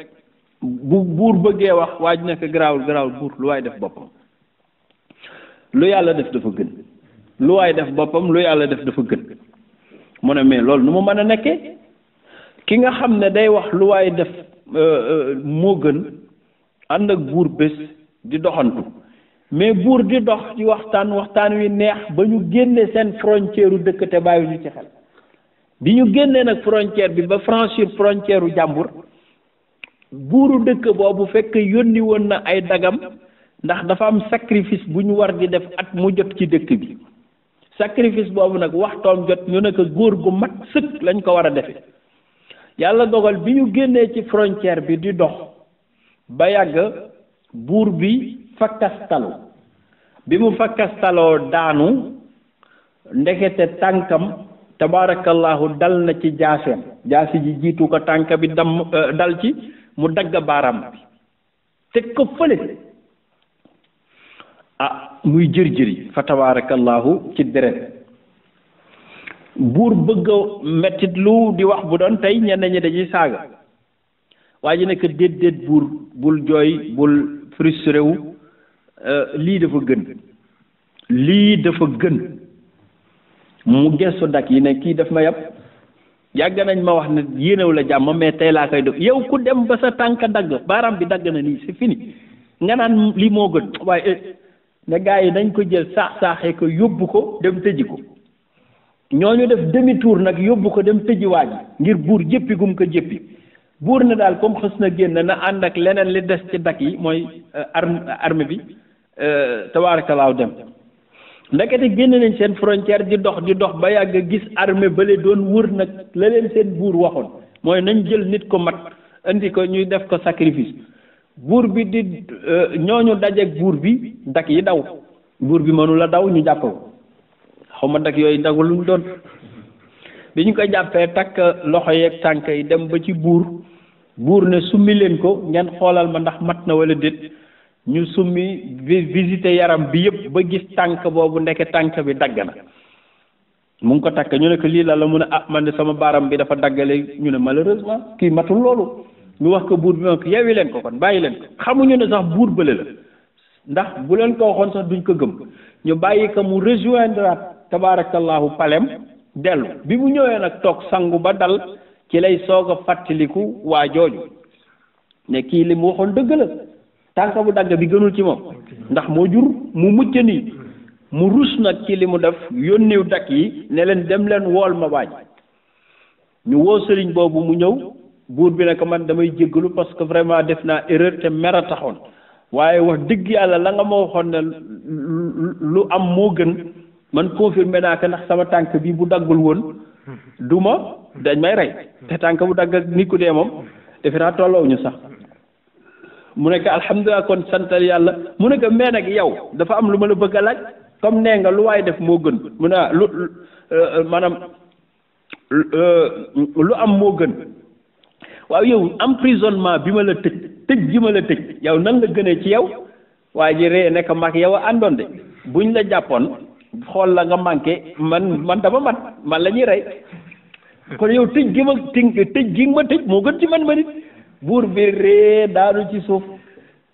A: bu buur bëggee wax waa ji nekk garaawul garaawul buur lu waay def boppam lu yàlla def dafa gën lu waaye def boppam lu yàlla def dafa gën mu ne mais loolu nu mu mën a nekkee ki nga xam ne day wax lu waaye def euh, euh, moo gën ànd ak buur bés di doxantu mais buur di dox ci waxtaan waxtaan wi neex ba ñu génne seen frontière u dëkk te bàyyi ñu ci xel bi ñu génnee nag frontière bi ba franchir frontière u jàmbur buuru dëkk boobu fekk yónni woon na ay dagam ndax dafa am sacrifice bu ñu war di def at mu jot ci dëkk bi sacrifice boobu nag waxtoom jot ñu ne góor gu mag sëkk lañ ko war a defe yàlla dogal bi ñu génnee ci frontière bi di dox ba yàgg buur bi fakkastalu bi mu fakkastaloo daanu ndekete tànkam tabaarakallahu dal na ci jaaseem jaasi ji jiitu ko tànk bi dam euh, dal ci mu dagg baaraam bi teg ko ah muy jër-jëri fa tabarakallahu ci deret buur bëgg a mettit lu di wax bu doon tey ñenn ñi dañuy saaga waa ji nekk déet déet buur bul jooy bul frustré euh, lii dafa gën lii dafa gën mu gestu dak yi ne kii daf ma yàpp yàgg nañ ma wax ne yéenew la jàmm mais tey laa koy def yow ku dem ba sa tànk dagg baaraam bi dagg na nii c'est fini nga naan lii moo gën waaye eh, ne gars yi dañ ko jël saax-saaxee ko yóbbu ko dem tëji ko ñoo ñooñu def demi tuur nag yóbbu ko dem tëji waa ngir buur jëppi gum ko jéppi buur na daal comme xës na génn na ànd ak leneen li des ci dakk yi mooy euh, arme bi euh, tabaarakalaaw dem ndekete génn nañ seen frontière di dox di dox ba yàgg gis arme bële doon wër nag la leen seen buur waxoon mooy nañ jël nit ko mat indi ko ñuy def ko sacrifice buur bi di euh, ñooñu dajeeg buur bi dak yi daw buur bi mënula daw ñu jàpp ko xaw ma dak yooyu ndagu luñ doon bi ñu ko jàppee takk loxo yeeg tànk yi dem ba ci buur buur ne summi leen ko ngeen xoolal ma ndax mat na wala déet ñu summi visité yaram bi yëpp ba gis tànk boobu ndeke tànk bi dagg na mu ngi ko takk ñu ne ko lii la la mun a ah man de sama baaram bi dafa daggale ñu ne malheureusement kii matul loolu ñu wax ko buur bi ma ko yewwi leen ko kon bàyyi leen ko xamuñu ne sax buur bële la ndax bu leen ko waxoon sax duñ ko gëm ñu bàyyi ko mu rejoindre tabaarakallahu palem dellu bi mu ñëwee nag toog sangu ba dal ki lay soog a fàttaliku waa jooju ne kii li mu waxoon dëgg la tànk bu dagg bi gënul ci moom ndax moo jur mu mucc nii mu rus nag ci li mu def yónniw dak yi ne leen dem leen wool ma baaj ñu woo sëriñ boobu mu ñëw buur bi ne man damay jéggalu parce que vraiment def naa erreur te mer a taxoon waaye wax digg yàlla langa nga ma waxoon ne lu am moo gën man confirmé naa ko ndax sama tànk bi bu daggul woon du ma dañ may rey te tànk bu dagg ak nit ku dee moom defe naa tolloo ñu sax mu nekk alhamdulilah kon santal yàlla mu nekk mais nag yow dafa am lu ma la bëgg a laaj comme nee nga lu waaye def moo gën mu ne ah lu euh, euh, maanaam euh, lu am moo gën waaw yow emprisonnement bi ma la tëj tëj ji ma la tëj yow nan la gënee ci yow waaye ji ree nekk mag yow a àndoon de buñ la jàppoon xool la nga manqué man man dama mat man la ñuy rey kon yow tëj gi ma tëj gi ma tëj moo gën ci man ma nit buur bi ree daanu ci suuf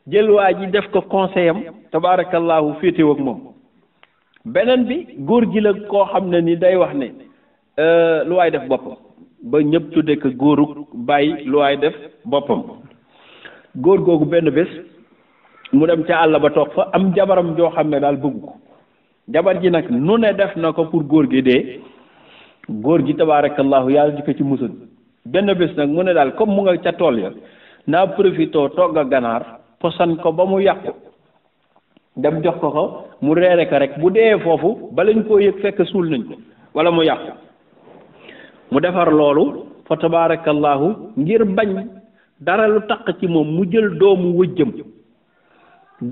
A: jël waa ji def ko conseil am tabaarakallaahu féetew ak moom beneen bi góor gi la koo xam ne ni day wax ne euh, lu waay def boppam ba ñëpp tuddee ko góorug bàyyi lu waay def boppam góor googu benn bés mu dem ca àll ba toog fa am jabaram joo xam ne daal bëgg ko jabar ji nag nu ne def na ko pour góor gi dee góor gi tabaarakallaahu yàlla di ko ci musal benn bés nag mu ne daal comme mu nga ca tool ya naa profitoo togg a ganaar posan ko ba mu yàqu dem jox ko ko mu reere ko rek bu dee foofu ba lañ koo yëg fekk suul nañ ko wala mu yàqu mu defar loolu fa tabarakallahu ngir bañ dara lu taq ci moom mu jël doomu wëjjëm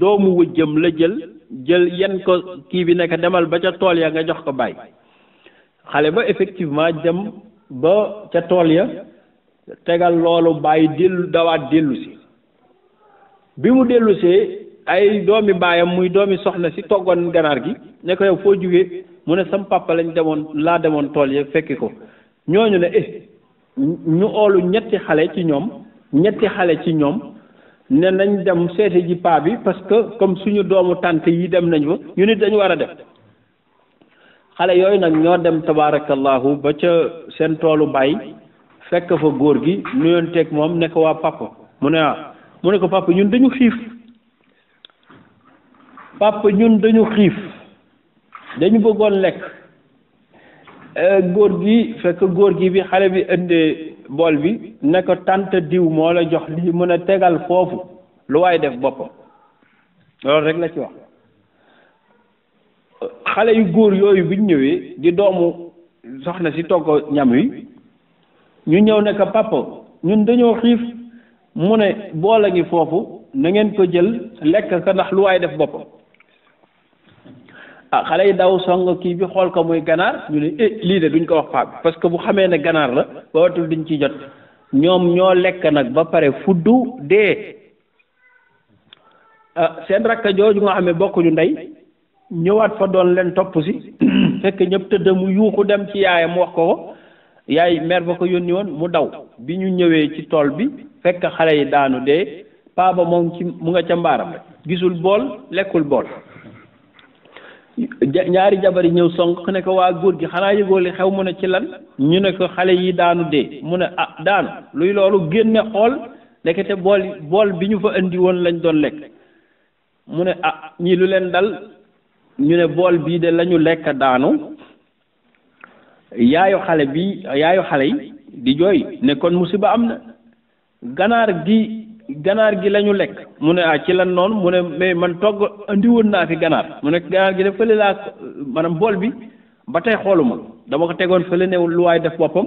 A: doomu wëjjëm la jël jël yen ko kii bi nekk demal ba ca tool ya nga jox ko baay xale ba effectivement dem ba ca tool ya tegal loolu bàyyi dellu dawaat dellu bi mu dellusee see ay doomi baayam muy doomi soxna si toggoon ganaar gi ne ko yow foo jógee mu ne sam lañ demoon laa demoon tool ya fekki ko ñooñu ne eh ñu oolu ñetti xale ci ñoom ñetti xale ci ñoom ne nañ dem seete ji bi parce que comme suñu doomu tànt yi dem nañ fa ñu nit dañu war a def xale yooyu nag ñoo dem tabaarakallahu ba ca seen toolu baay fekk fa góor gi nuyonteeg moom ne ko waa papa mu ne ah mu ne ko papa ñun dañu xiif papa ñun dañu xiif dañu bëggoon lekk Eh, góor gi fekk góor gi bi xale bi indee bool bi ne ko tant diw moo la jox lii mën a tegal foofu lu waay def boppam loolu rek la ci wax xale yu góor yooyu biñ ñëwee di doomu soxna si togg ñam wi ñu ñëw ne ko ñun dañoo xiif mu ne bool a ngi foofu na ngeen ko jël lekk ko ndax lu waay def boppam ah xale yi daw song kii bi xool ko muy ganaar ñu ne eh lii de duñ ko wax paa parce que bu xamee ne ganaar la ba watul duñ ciy jot ñoom ñoo lekk nag ba pare fuddu dee ah, seen rakka jooju nga xam bokkuñu ndey ñëwaat fa doon leen topp si fekk ñëpp tëdd mu yuuxu dem ci yaayam wax ko ko yaay mère ba ko yónni mu daw bi ñu ñëwee ci tool bi fekk xale yi daanu dee paaba ba moom ci mu nga ca mbaaram gisul bool lekkul bool ñaari jabar yi ñëw song ne ko waa góor gi xanaa yëgoo li xew mu ne ci lan ñu ne ko xale yi daanu de mu ne ah daanu luy loolu génne xool ndekete bool bool bi ñu fa indi woon lañ doon lekk mu ne ah ñii lu leen dal ñu ne bool bii de lañu lekk daanu yaayu xale bi yaayu xale yi di jooy ne kon musiba am na ganaar gi ganaar gi la ñu lekk mu ne ah ci lan noonu mu ne mais man togg andi woon naa fi ganaar mu ne ganaar gi de fële laa maanaam bool bi ba tey xooluma dama ko tegoon fële ne lu waaye def boppam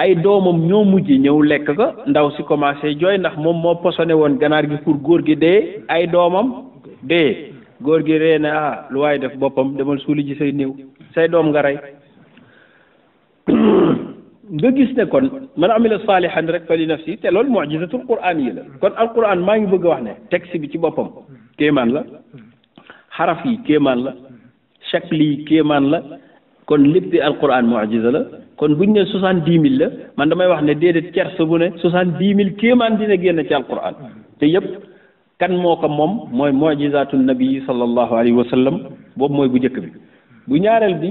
A: ay doomam ñoo mujj ñëw lekk ko ndaw si commencé jooy ndax moom moo posone woon ganaar gi pour góor gi dee ay doomam dee góor gi ree ne ah lu waaye def boppam demal suuli ji say néew say doom nga rey nga gis ne kon man amila saalihan rek fa li nafsi te loolu mujizatul quran yi la kon alquran maa ngi bëgg a wax ne texte bi ci boppam kéemaan la xaraf yi kéemaan la shakli yi kéemaan la kon lépp di alquran mujiza la kon buñ ne soixante dix mille la man damay wax ne déedéet cerce bu ne soixante mille kéemaan dina génn ci alquran te yëpp kan moo ko moom mooy mujizatul nabi sallallahu alayhi wa sallam boobu mooy bu njëkk bi bu ñaareel bi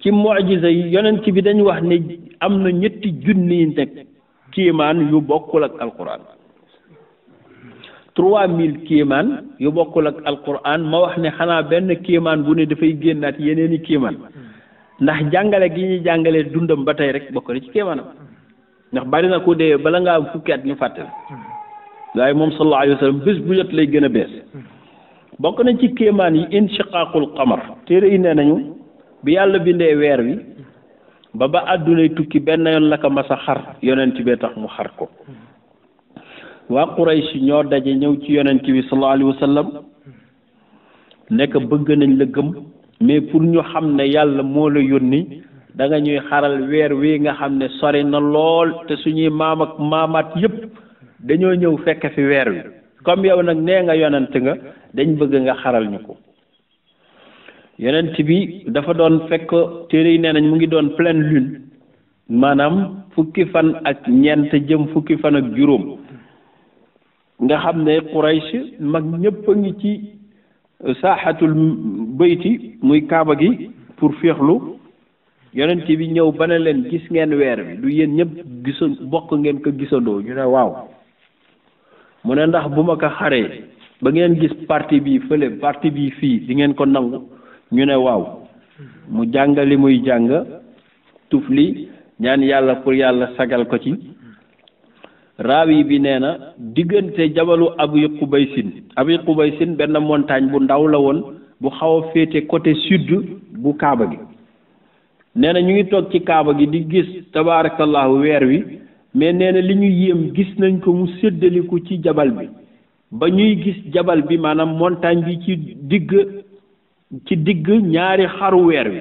A: ci mojisa yi yonent bi dañ wax ne am na ñetti junni nekk kiimaan yu bokkul ak alquran trois mille kiimaan yu bokkul ak alquran ma wax ne xanaa benn kiimaan bu ne dafay génnaat yeneeni kiimaan ndax jàngale gi ñuy jàngale dundam ba tey rek bokk na ci bari na ko dee bala ngaa am fukki ñu fàtte la bu lay gën a bokk na ci kiimaan yi inshiqaaqul qamar téere yi nee nañu bi yàlla bindee weer wi ba ba àddunay tukki benn yoon la ko mas xar yonent bee tax mu xar ko waa Quraysh ñoo daje ñëw ci yonent bi sallallahu alayhi wa nekk bëgg nañ la gëm mais pour ñu xam ne yàlla moo la yónni danga ñuy xaral weer wi nga xam ne sori na lool te suñuy maam ak maamaat yëpp dañoo ñëw fekk fi weer wi comme yow nag nee nga yonent nga dañ bëgg nga xaral ñu ko yonent bi dafa doon fekk téere yi nee nañ mu ngi doon pleine lune maanaam fukki fan ak ñeent jëm fukki fan ak juróom nga xam ne Quraysh mag ñëpp a ngi ci euh, saaxatul bayti muy kaaba gi pour féexlu yonent bi ñëw ba ne leen gis ngeen weer bi du yéen ñëpp gisa bokk ngeen ko gisandoo ñu waaw mu ne ndax bu ma ko xaree ba ngeen gis parti bi fële parti bi fii di ngeen ko nangu ñu ne waaw mu jàng li muy jàng tufli ñaan yàlla pour yàlla sagal ko ci raawi bi nee na diggante jabalu abi qubaysin abi qubaysin benn montagne bu ndaw la woon bu xaw a féete côté sud bu kaaba gi nee na ñu ngi toog ci kaaba gi di gis tabaarakallahu weer wi mais nee na li ñu yéem gis nañ ko mu séddaliku ci jabal bi ba ñuy gis jabal bi maanaam montagne bi ci digg ci digg ñaari xaru weer wi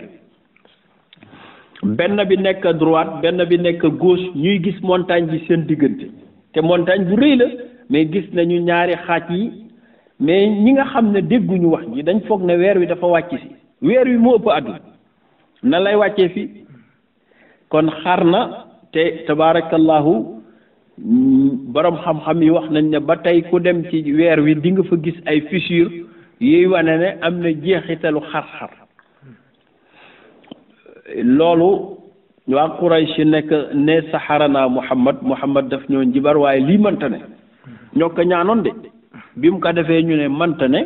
A: benn bi nekk droite benn bi nekk gauche ñuy gis montagne bi seen diggante te montagne bu rëy la mais gis nañu ñaari xaaj yi mais ñi nga xam ne dégguñu wax ñi dañ foog na weer wi dafa wàcc si weer wi moo ëpp àdduna nan lay wàccee fi kon xar na te tabaarakallahu mm, borom xam-xam yi wax nañ ne ba tey ku dem ci weer wi di nga fa gis ay fissure yuy wane ne am na jeexitalu xar-xar loolu waa Quraysh nekk ne saxaranaa Muhammad Muhammad daf ñoo njibar waaye lii mantane ne ñoo ko ñaanoon de bi mu ko defee ñu ne mënta ne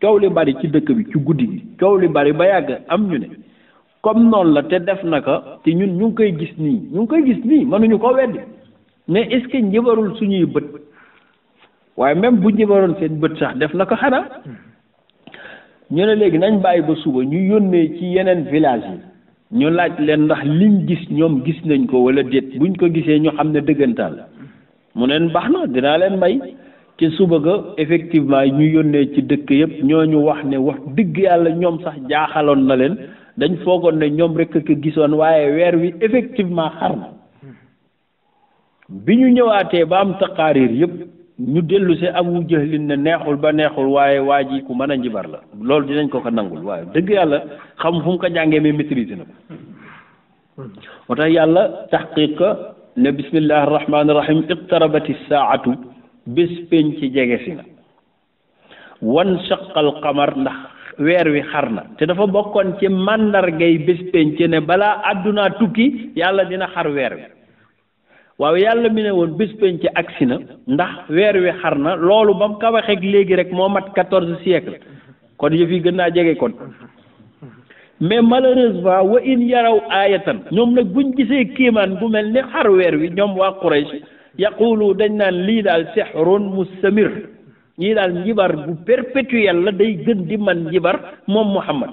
A: coow li bari ci dëkk bi ci guddi gi coow li bari ba yàgg am ñu ne comme noonu la te def na ko te ñun ñu ngi koy gis nii ñu ngi koy gis nii mënuñu koo weddi mais est-ce que njibarul bët waaye même bu jëbaroon seen bët sax def na ko xanaa ñu ne léegi nañ bàyyi ba suba ñu yónnee ci yeneen village yi ñu laaj leen ndax liñ gis ñoom gis nañ ko wala déet buñ ko gisee ñu xam ne dëggantaan la mu neen baax na dinaa leen may ci suba ga effectivement ñu yónnee ci dëkk yëpp ñu wax ne wax digg yàlla ñoom sax jaaxaloon na leen dañ foogoon ne ñoom rekk a ko gisoon waaye weer wi effectivement xar na bi ñu ñëwaatee ba am taqaarir yëpp ñu dellu si abu jëhlin ne neexul ba neexul waaye waa ku mën a njibar la loolu dinañ ko ko nangul waaye dëgg yàlla xam fu ko jàngee mais maîtrise na moo tax yàlla taxqiq ne bismillahi rahmaani rahim iqtarabati saatu bés peñ ci jege si na wan saqal qamar ndax weer wi xar na te dafa bokkoon ci màndargay bés peñ ci ne balaa àddunaa tukki yàlla dina xar weer wi waaw yàlla mi ne woon bis penc agsi na ndax weer wi xar na loolu ba mu ko léegi rek moo mat quatorze siècle kon yëf yi gën naa jege kon mais malheureusement wa in yaraw aayatan ñoom nag buñ gisee kiimaan bu mel ni xar weer wi ñoom waa Quraysh yaqulu dañ naan lii daal sihrun mustamir lii daal njibar bu perpétuel la day gën di man njibar moom Muhammad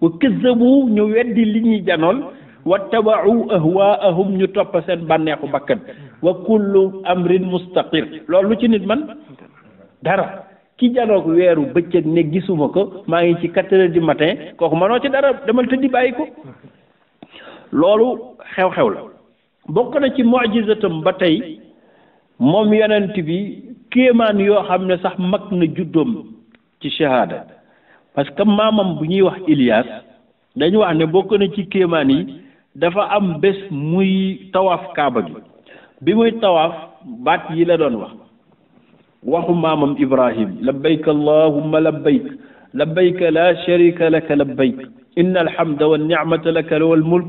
A: wa këzabu ñu weddi li ñuy janoon wattabau ahwaahum ñu topp seen bànneexu bakkan wa kullu amrin mustaqir loolu ci nit man dara ki janoog weeru bëccëg ne gisuma ko maa ngi ci quatre di du matin kooku mënoo ci dara demal tëddi bàyyi ko loolu xew-xew la bokk na ci mujizatam ba tey moom yonent bi kéemaan yoo xam ne sax mag na juddoom ci shahada parce que maamam bu ñuy wax Ilias dañu wax ne bokk na ci kéemaan yi dafa am bés muy tawaaf kaaba gi bi muy tawaaf baat yi la doon wax waxu maamam ibrahim labbayk allahumma labbayk labbayka la sharika laka labbayk inna alhamda wa ni'mata laka wal mulk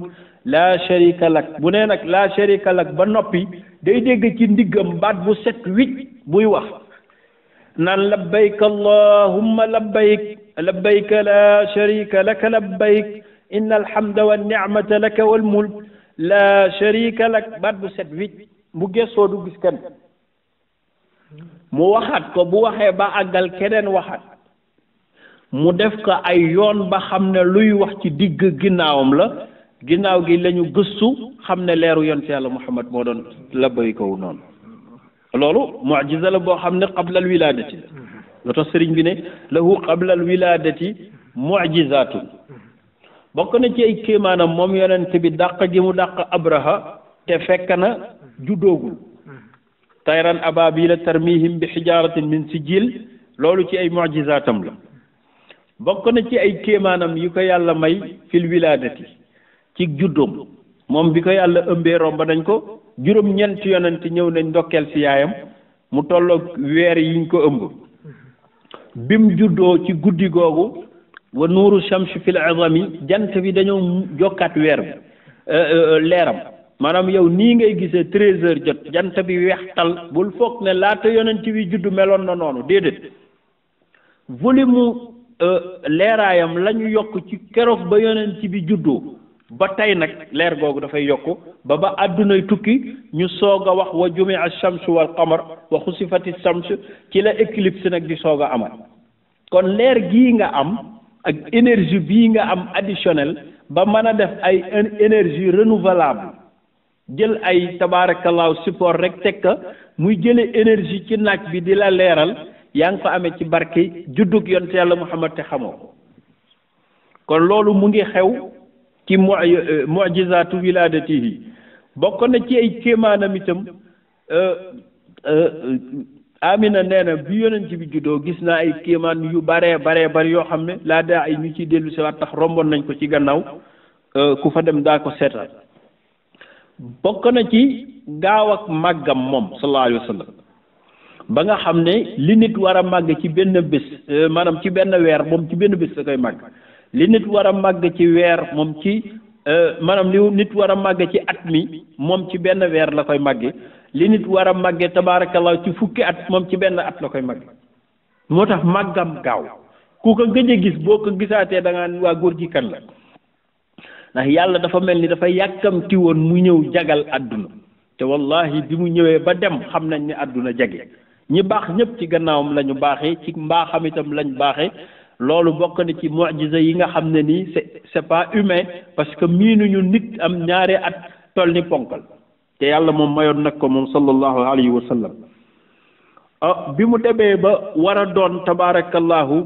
A: la sharika lak bu nee nag la sharika lak ba noppi day dégg ci ndiggam baat bu set wicc buy wax naan labbayk allahumma labbayk labbayka la sharika laka labbayk inna alhamda wa ni'mata laka wal mulk la sharika lak baat bu set wicc bu gëstoo du gis kenn mu waxaat ko bu waxee ba àggal keneen waxaat mu def ko ay yoon ba xam ne luy wax ci digg ginnaawam la ginnaaw gi lañu gëstu xam ne leeru yoon ci yàlla muhammad moo doon la bay kow noonu loolu mujiza la boo xam ne qabla al wilaadati la loo tax sëriñ bi ne lahu qabla al wilaadati mujizaatun bokk na ci ay kéemaanam moom yonent bi dàq gi mu dàq abraha te fekk na juddoogul tayran abaabila tarmihim bi xijaaratin min sijil loolu ci ay mojisaatam la bokk na ci ay kéemaanam yi ko yàlla may fil wilaadati ci juddoom moom bi ko yàlla ëmbee romb nañ ko juróom ñeent yonent ñëw nañ ndokkeel si yaayam mu tolloog weer yiñ ko ëmb bim juddoo ci guddi googu wa nuuru shamsi fil azami jant bi dañoo jokkaat weer bi euh, euh, leeram maanaam yow nii ngay gisee treize jot jant bi weextal bul foog ne laata yonent bi juddu meloon na noonu déedéet volume euh, leeraayam la yokk ci keroog ba yonent bi juddoo ba tey nag leer googu dafay yokk ba ba àdduna àddunay tukki ñu soog a wax wa jumia ash-shamsu wal qamar wa xusifati shams ci la éclipse nag di soog a amal kon leer gii nga am ak énergie bii nga am additionnel ba mën a def ay énergie renouvelable jël ay tabaarakallaahu support rek teg ka muy jële énergie ci naaj bi di la leeral yaa ngi ko amee ci barke juddug yonte yàlla mu te xamoo kon loolu mu ngi xew ci mu euh, mujizaatu wilaadatihi bokk na ci ay kéemaanam itam euh, euh, Amina nee na bi yonent bi juddoo gis naa ay kéemaan yu bare baree bari yoo xam ne laa daa ay ñu ciy dellu si waat tax romboon nañ ko ci gannaaw euh, ku fa dem daa ko seetaan bokk na ci gaaw ak màggam moom sallallahu alayhi wa sallam ba nga xam ne li nit war a màgg ci benn bés euh, maanaam ci benn weer moom ci benn bés da koy màgg li nit war a màgg ci weer moom ci euh, maanaam li nit war a màgg ci at mi moom ci benn weer la koy màgge li nit war a màgge tabaarakallaahu ci fukki at moom ci benn at la koy màgge moo tax màggam gaaw ku ko gëj gis boo ko gisaatee da waa góor gi kan la ndax yàlla dafa mel ni dafa yàkkamti woon mu ñëw jagal àdduna te wallahi bi mu ñëwee ba dem xam nañ ne àdduna jage ñi baax ñëpp ci gannaawam la ñu baaxee ci mbaaxam itam lañ baaxe loolu bokk na ci mojisa yi nga xam ne nii c'est pas humain parce que ñu nit am ñaari at toll ni ponkal yàlla moom mayoon nag ko moom sallallahu alayhi wa sallam ah, bi mu demee ba war a doon tabaarakallahu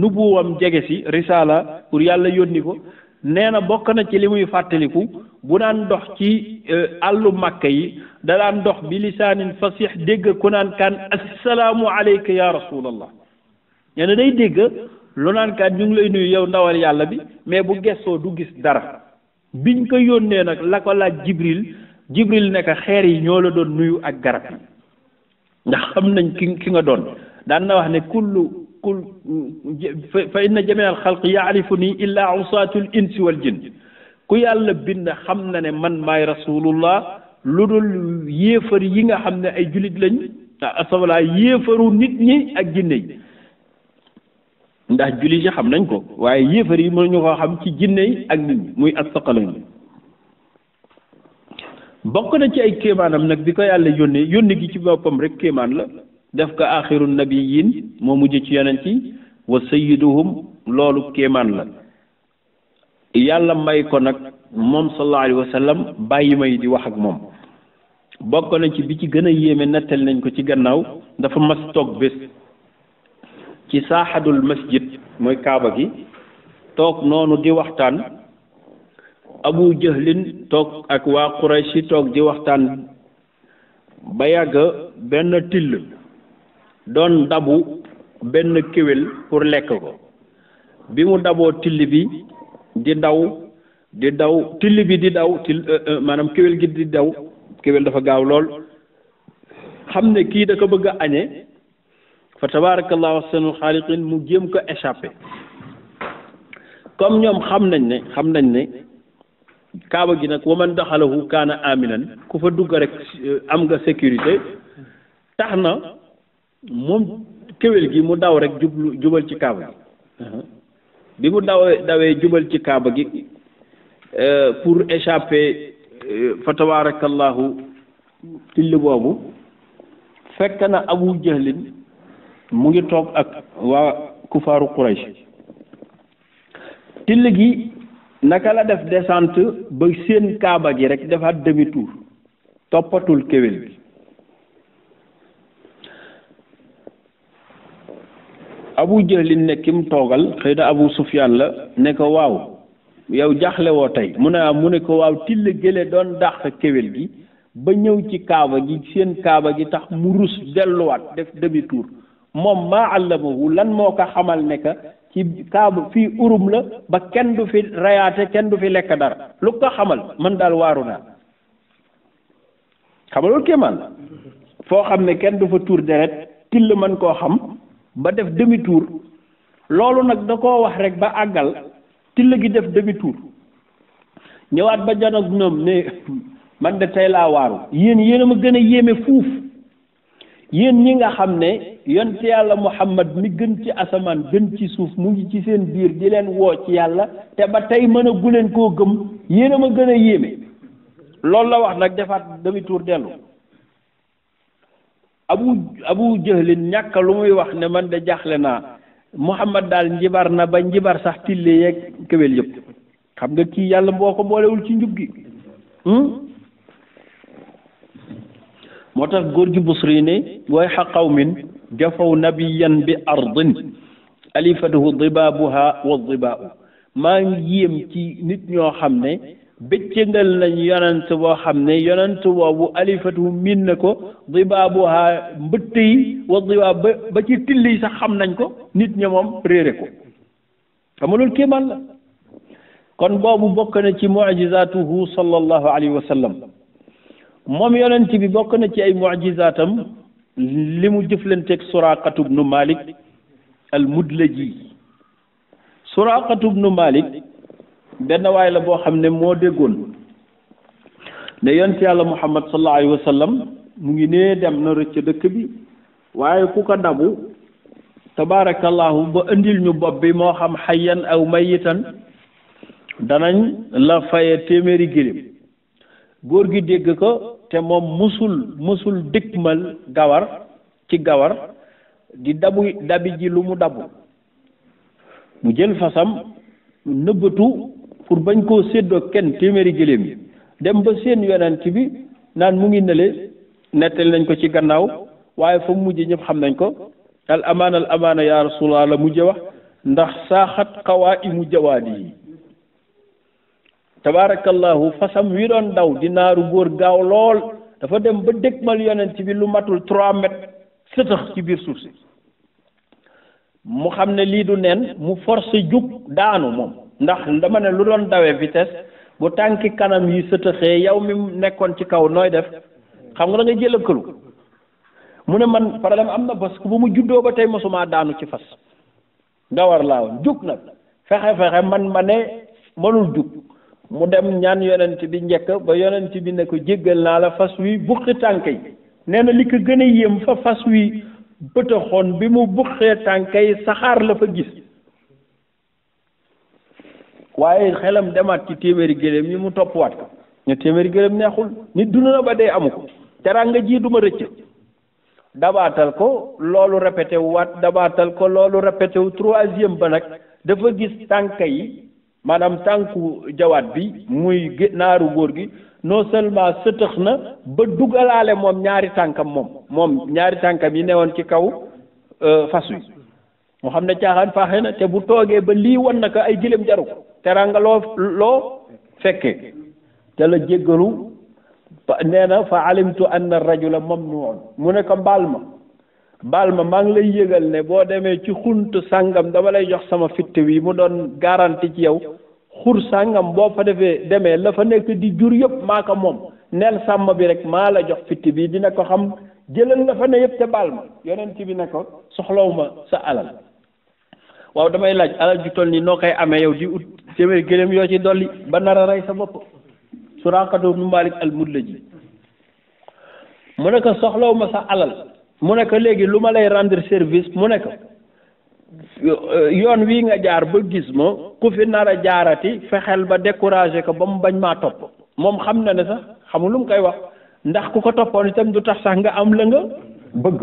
A: nubuwam jege si risaala pour yàlla yónni ko nee na bokk na ci li muy fàttaliku bu daan dox ci eh, àllu màkka yi da daan dox bi lisaanin fasix dégg ku naan kaan assalaamu alayka ya rasulallah nee day dégg lu naan kaan ñu ngi lay nuyu yow ndawal yàlla bi mais bu gessoo du gis dara biñ ko yónnee nag la ko laaj jibril jibril ne xeer yi ñoo la doon nuyu ak garab ndax xam nañ ki ki nga doon daan na wax ne kullu kull fa inna jamia al xalq yaarifu nii illa usaatul insi xam na ne man maay rasulullah lu dul yéefar yi nga xam ne ay julit lañ ah, asawala yéefaru nit ñi ak jinne yi ndax julit yi xam nañ ko waaye yéefar yi mënuñu ko xam ci jinne yi ak nit ñi muy astaqalañ bokk na ci ay kéemaanam nag bi ko yàlla yónnee yónni gi ci boppam rek kéemaan la def ko axiru nabiyin moo mujj ci yonent yi wa sayyiduhum loolu kéemaan la yàlla may ko nag moom sallallahu alayhi wa sallam bàyyi may di wax ak moom bokk na ci bi ci gën a yéeme nettali nañ ko ci gannaaw dafa mas toog bés ci saaxadul masjid mooy kaaba gi toog noonu di waxtaan abu jëhlin toog ak waa Quraysh toog di waxtaan ba yàgg benn till doon dabu benn kéwél pour lekk ko bi mu daboo till bi di daw di daw till bi di daw till euh, euh, maanaam kéwél gi di daw kéwél dafa gaaw lool xam ne kii da ko bëgg a añe fa tabarakallahu ahsanul xaaliqin mu jéem ko échappé comme ñoom xam nañ ne xam nañ ne kaaba gi nag waman daxalahu kaana aminan ku fa dugg rek euh, am nga sécurité tax na moom kéwél gi mu daw rek jublu jubal ci kaaba gi uh-huh. bi mu dawee dawee jubal ci kaaba gi euh, pour échapper euh, fa tabarakallahu till boobu fekk na abu jahlin mu ngi toog ak waa kufaaru quraysh till gi naka la def descente ba seen kaaba gi rekk defaat demi toppatul kéwél bi abu jëli ne kim toogal xëy na abu sufyaan la ne ko waaw yow jaaxle woo tey mu ne mu ne ko waaw till gële doon dàq kéwél gi ba ñëw ci kaaba gi seen kaaba gi tax mu rus delluwaat def demi tour moom maa àllamahu lan moo ko xamal ne ka ci kaabu fii urum la ba kenn du fi rayaate kenn du fi lekk dara lu ko xamal man daal waaru naa xamal loolu kéemaan foo xam ne kenn du fa tuur deret till mën koo xam ba def demi loolu nag da koo wax rek ba àggal till gi def demi ñëwaat ba janoog ñoom ne man de tey laa waaru yéen yéen a ma gën a yéeme fuuf yéen ñi nga xam ne yonent yàlla muhammad mi gën ci asamaan gën ci suuf mu ngi ci seen biir di leen woo ci yàlla te ba tey mën a guleen koo gëm yéen a ma gën a yéeme loolu la wax nag defaat demi tour dellu abu abu jëhlin ñàkk lu muy wax ne man de jaaxle naa muhammad daal njibar na ba njibar sax tille yeeg këwél yëpp xam nga kii yàlla boo ko boolewul ci njub gi hmm? moo tax góor gi busri ne way xa qawmin jafaw nabiyan bi ardin alifatahu dibaabuha wa dibaau maa ngi yéem ci nit ñoo xam ne bëccëgal nañ yonent boo xam ne yonent boobu alifatahu miin na ko dibaabuha mbëtt yi wa dibaab ba ci till yi sax xam nañ ko nit ña moom réere ko xam nga loolu kéemaan kon boobu bokk na ci mujizaatuhu sallallahu alayhi wa sallam moom yonent bi bokk na ci ay mucjizaatam li mu jëflanteeg suraaqatu bnu malik al mudlaji suraaqatu bnu malik benn waay la boo xam ne moo déggoon ne yonent yàlla muhammad sallallahu alayhi wa mu ngi nee dem na rëcc dëkk bi waaye ku ko dabu tabaarakallahu ba indil ñu bopp bi moo xam xayyan aw mayitan danañ la faye téeméeri gëléem góor gi dégg ko te moom musul musul dëkkmal gawar ci gawar di dabu dabi ji lu mu dabu mu jël fasam nëbbatu pour bañ koo seddoo kenn téeméeri gëléem yi dem ba seen yonent bi naan mu ngi nele nettali nañ ko ci gannaaw waaye fa mujj ñëpp xam nañ ko al amaana al amaana yaa rasulallah la mujj wax ndax saaxat xawaa i mu jawaadi yi tabaarakallahu fasam wi doon daw di naaru góor gaaw lool dafa dem ba dëgmal yonent bi lu matul trois mètres sëtëx ci biir suuf si mu xam ne lii du nen mu force jug daanu moom ndax dama ne lu doon dawee vitesse bu tànki kanam yi sëtëxee yow mi nekkoon ci kaw nooy def xam nga da nga jëlëkkalu mu ne man problème am na parce que bu mu juddoo ba tey mosuma daanu ci fas gawar laa woon jug nag fexe fexe man ma ne mënul jug mu dem ñaan yonent bi njëkk ba yonent bi ne ko jéggal naa la fas wi buqi tànk yi nee na li ko gën a yéem fa fas wi bëtaxoon bi mu buqee tànk yi saxaar la fa gis waaye xelam demaat ci téeméeri gëléem yi mu toppwaat ko ñu téeméeri gëléem neexul nit dund na ba dee amu ko teraanga ji duma rëcc dabaatal ko loolu répété wu waat dabaatal ko loolu répété wu troisième ba nag dafa gis tànk yi maanaam tànku jawaat bi muy naaru góor gi non seulement sëtëx na ba dugalaale moom ñaari tànkam moom moom ñaari tànkam yi newoon ci kaw euh, fas wi moo xam ne caaxaan faaxe na te bu toogee ba lii woon nag ay gëléem jaru ko teranga loo loo fekkee te la jéggalu nee na fa alimtu anna rajula mamnuun mu ne mbaal ma baal ma maa ngi lay yëgal ne boo demee ci xuntu sàngam dama lay jox sama fitt wi mu doon garanti ci yow xur sàngam boo fa defee demee la fa nekk di jur yëpp maa ko moom neel sàmm bi rek maa la jox fitt bi dina ko xam jëlal la fa ne yëpp te baal ma bi ne ko soxlaw ma sa alal waaw damay laaj alal ju toll nii noo koy amee yow di ut yoo ci dolli ba nar a rey sa bopp Suraaqatu bnu Maalik mu ne ko soxlaw ma sa alal mu nekk léegi lu ma lay rendre service mu nekk euh, yoon wii nga jaar ba gis ma ku fi nar a jaarati fexeel ba découragé ko ba mu bañ maa topp moom xam na ne sax xamul lu mu koy wax ndax ku ko toppoon itam du tax sax nga am la nga bëgg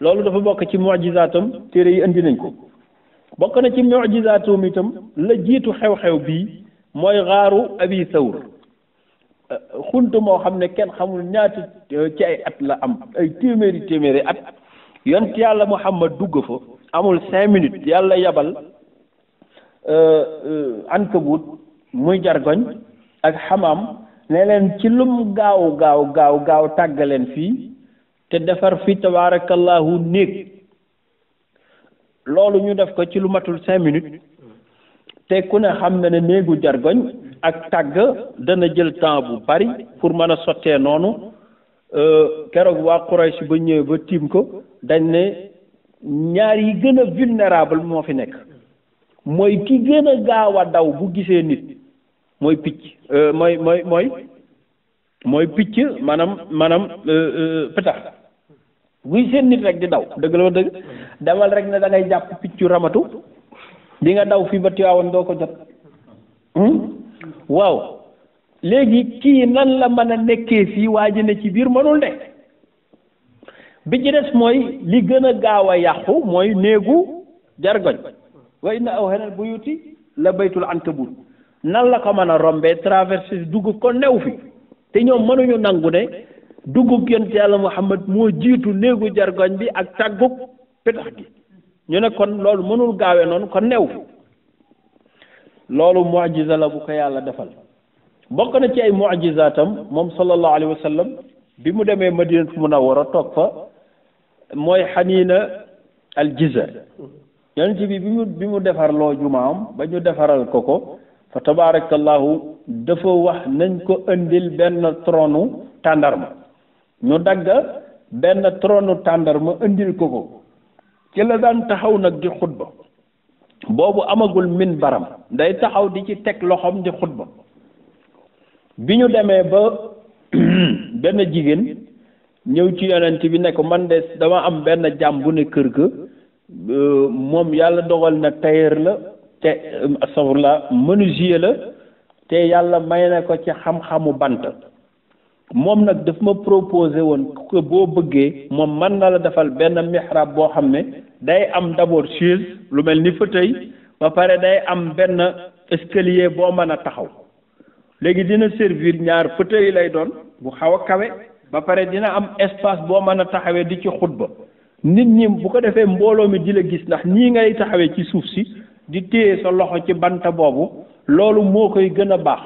A: loolu dafa bokk ci mujizaatam téere yi indi nañ ko bokk na ci mujizaatam itam la jiitu xew-xew bii mooy xaaru abi thawr xunt moo xam ne kenn xamul ñaata euh, ci ay at la am ay téeméeri téeméeri at yont yàlla mu muhammad dugg fa amul cinq minutes yàlla yabal euh, euh, ankabut muy jargoñ ak xamaam ne leen ci lum gaaw gaaw gaaw gaaw tàggaleen fii te defar fi tabaarakallahu néeg loolu ñu def ko ci lu matul cinq minutes te ku ne xam na ne néegu jargoñ ak tàgg dana jël temps bu bari pour mën a sottee noonu euh, keroog waa Quraysh ba ñëwee ba tiim ko dañ ne ñaar yi gën a vulnérable moo fi nekk mooy ki gën a gaaw a daw bu gisee nit mooy picc euh, mooy mooy mooy mooy picc maanaam maanaam euh, pitax buy seen nit rek di daw dëgg la ma dëgg demal rek ne da ngay jàpp piccu ramatu di nga daw fii ba Tiwaawan doo ko jot hmm? waaw léegi kii nan la mën a nekkee fii waa ji ne ci biir mënul ne bi ci mooy li gën a gaaw a yàqu mooy néegu jargoñ wa inna awhanal buyuti la baytul ankabut nan la ko mën a rombee traversé dugub ko new fi te ñoom mënuñu nangu ne dugub yonent yàlla Muhammad moo jiitu néegu jargoñ bi ak tàggug petax gi ñu ne kon loolu mënul gaawee noonu ko new loolu mu'jiza la bu ko yàlla defal bokk na ci ay mu'jizaatam moom sallallahu alayhi wa bi mu demee madinatu munawwara toog fa mooy xaniina aljiza yonent bi bi bi mu defar loo jumaam ba ñu defaral ko ko fa tabaarakallahu dafa wax nañ ko indil benn tronu tàndarma ñu dagg benn tronu tàndarma indil ko ko ci la daan taxaw nag di xutba boobu amagul min baram day taxaw di ci teg loxoom di xutba bi ñu demee ba benn jigéen ñëw ci yonent bi ne ko man de dama am benn jàmm bu ne kër ga euh, moom yàlla dogal na tailleur la te euh, astafurlah menuisier la te yàlla may na ko ci xam-xamu bant moom nag daf ma proposé woon que boo bëggee moom mën na la defal benn mihrab boo xam ne day am d'abord chaise lu mel ni fauteuil ba pare day am benn escalier boo mën a taxaw léegi dina servir ñaar fauteuil lay doon bu xaw a kawe ba pare dina am espace boo mën a taxawee di ci xutba nit ñi bu ko defee mbooloo mi di la gis ndax ñii ngay taxawee ci suuf si di téye sa loxo ci bant boobu loolu moo koy gën a baax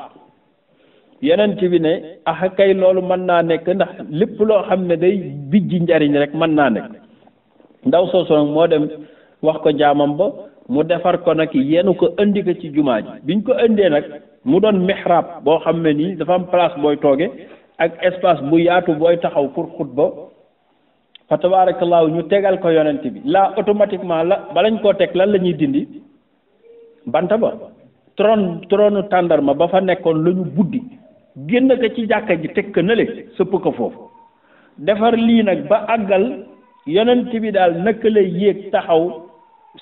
A: yeneen ci bi ne ah kay loolu mën naa nekk ndax lépp loo xam ne day bijji njariñ rek mën naa nekk ndaw soosu nag moo dem wax ko jaamam ba mu defar ko nag yenu ko indi ko ci jumaa ji biñ ko indee nag mu doon mihrab boo xam ne nii dafa am place booy tooge ak espace bu yaatu booy taxaw pour xutba fa tabaarakallaahu ñu tegal ko yonent bi la automatiquement la balañ koo teg lan la ñuy dindi bant ba tron tronu tàndarma ba fa nekkoon la ñu buddi génn ko ci jàkka ji teg ko nële sëpp ko foofu defar lii nag ba àggal yonent bi daal naka lay yéeg taxaw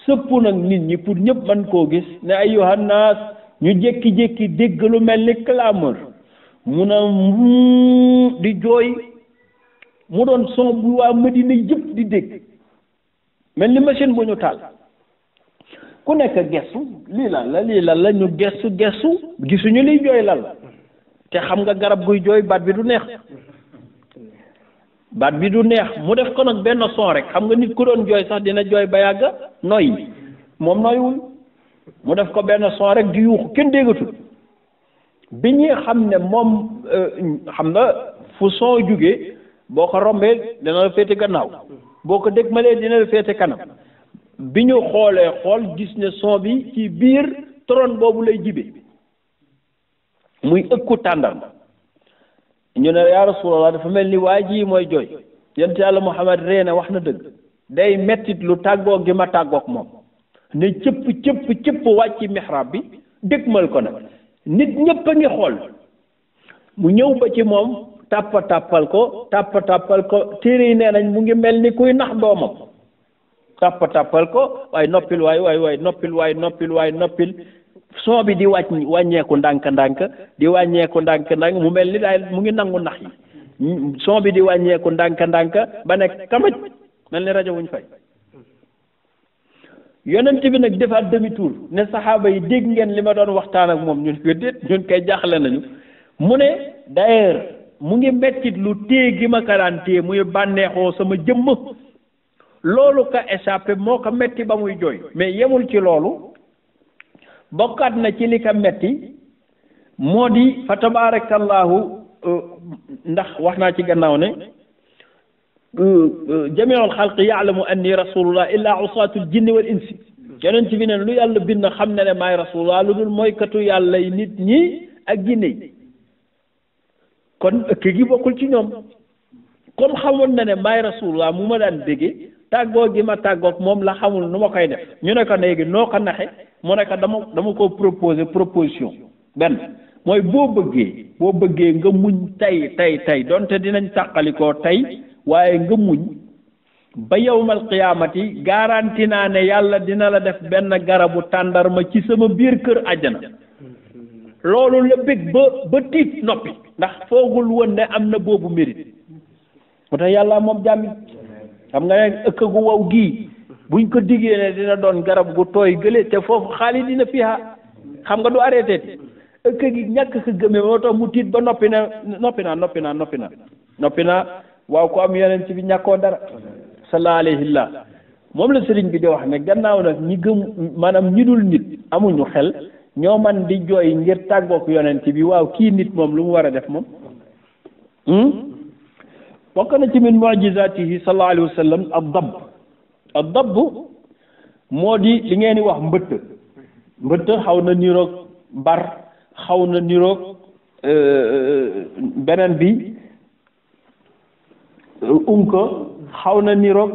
A: sëpp nag nit ñi pour ñëpp mën koo gis ne ayyuhan naas ñu jékki-jékki dégg lu mel ni clameur mu na di jooy mu doon son bu waa Madina yëpp di dégg mel ni machine bu ñu taal ku nekk gestu lii lan la lii lan la ñu gestu gestu gisuñu liy jooy lan la te xam nga garab guy jooy baat bi du neex baat bi du neex mu def ko nag benn son rek xam nga nit ku doon jooy sax dina jooy ba yàgg noy moom noyul mu def ko benn son rek di yuuxu kenn déggatul bi ñuy xam ne moom euh, xam nga fu son jóge boo ko rombee dina la féete gannaaw boo ko dégmalee dina la féete kanam bi ñu xoolee xool gis ne son bi ci biir tron boobu lay jibe muy ëkku tàndarma ñu ne yaa rasulallah dafa mel ni waa ji mooy jooy yonent yàlla muhammad ree na wax na dëgg day mettit lu tàggoo gi ma tàggook moom ne cëpp cëpp cëpp wàcc mihrab bi dégmal ko nag nit ñépp a ngi xool mu ñëw ba ci moom tàppa tàppal ko tàpp tàppal ko téere yi nee nañ mu ngi mel ni kuy nax doomam tàppa tàppal ko waaye noppil waay waay waay noppil waay noppil waay noppil son bi di wàññi wàññeeku ndànk-ndànk di wàññeeku ndànk-ndànk mu mel ni daal mu ngi nangu nax yi son bi di wàññeeku ndànk-ndànk ba nekk kamaj mel ni rajo wuñ fay yonent bi nag defaat demi tour ne saxaaba yi dégg ngeen li ma doon waxtaan ak moom ñun ko déet ñun koy jaaxle nañu mu ne d'ailleurs mu ngi mettit lu téye gi ma ko daan téye muy bànneexoo sama jëmm loolu ka échappé moo ko metti ba muy jooy mais yemul ci loolu bokkaat na ci li ka metti moo di fa tabarakallahu euh, ndax wax naa ci gannaaw ne euh, jamiul xalqi mu anni rasulullah illaa usaatul jinni wal insi yonent bi ne lu yàlla bind xam na ne maay rasulullah lu dul mooykatu yàlla yi nit ñi ak jinne yi kon ëkk gi bokkul ci ñoom kon xamoon na ne maay rasulullah mu ma daan déggee tàggoo gi ma tàggoog moom la xamul nu ma koy def ñu ne ko léegi noo ko naxe mu ne ko dama dama ko proposé proposition benn mooy boo bëggee boo bëggee nga muñ tey tey tey donte dinañ tàqalikoo tey waaye nga muñ ba yowmal qiyaamati garanti naa ne yàlla dina la def benn garabu tàndarma ci sama biir kër àjjana loolu la bëgg ba ba tiit noppi ndax foogul woon ne am na boobu mérite mu tax yàlla moom jàmmi xam nga ne ëkk gu wow gii buñ ko diggee ne dina doon garab gu tooy gële te foofu xaalis dina fiha xam nga du arrêté ëkk gi ñàkk ko gëmee moo tax mu tiit ba noppi na noppi naa noppi naa noppi naa noppi naa waaw ku am yeneen ci bi ñàkkoo dara sala alayhillah moom la sëriñ bi di wax ne gannaaw nag ñi gëm maanaam ñi dul nit amuñu xel ñoo man di jooy ngir tàggook yonent bi waaw kii nit moom lu mu war a def moom hmm? bokk na ci min mu'jizaatihi sallallahu sa wa sallam ab dab dabb moo di li ngeen di wax mbëtt mbëtt xaw na niroog bar xaw na niroog euh, euh, beneen bi euh, unka xaw na niroog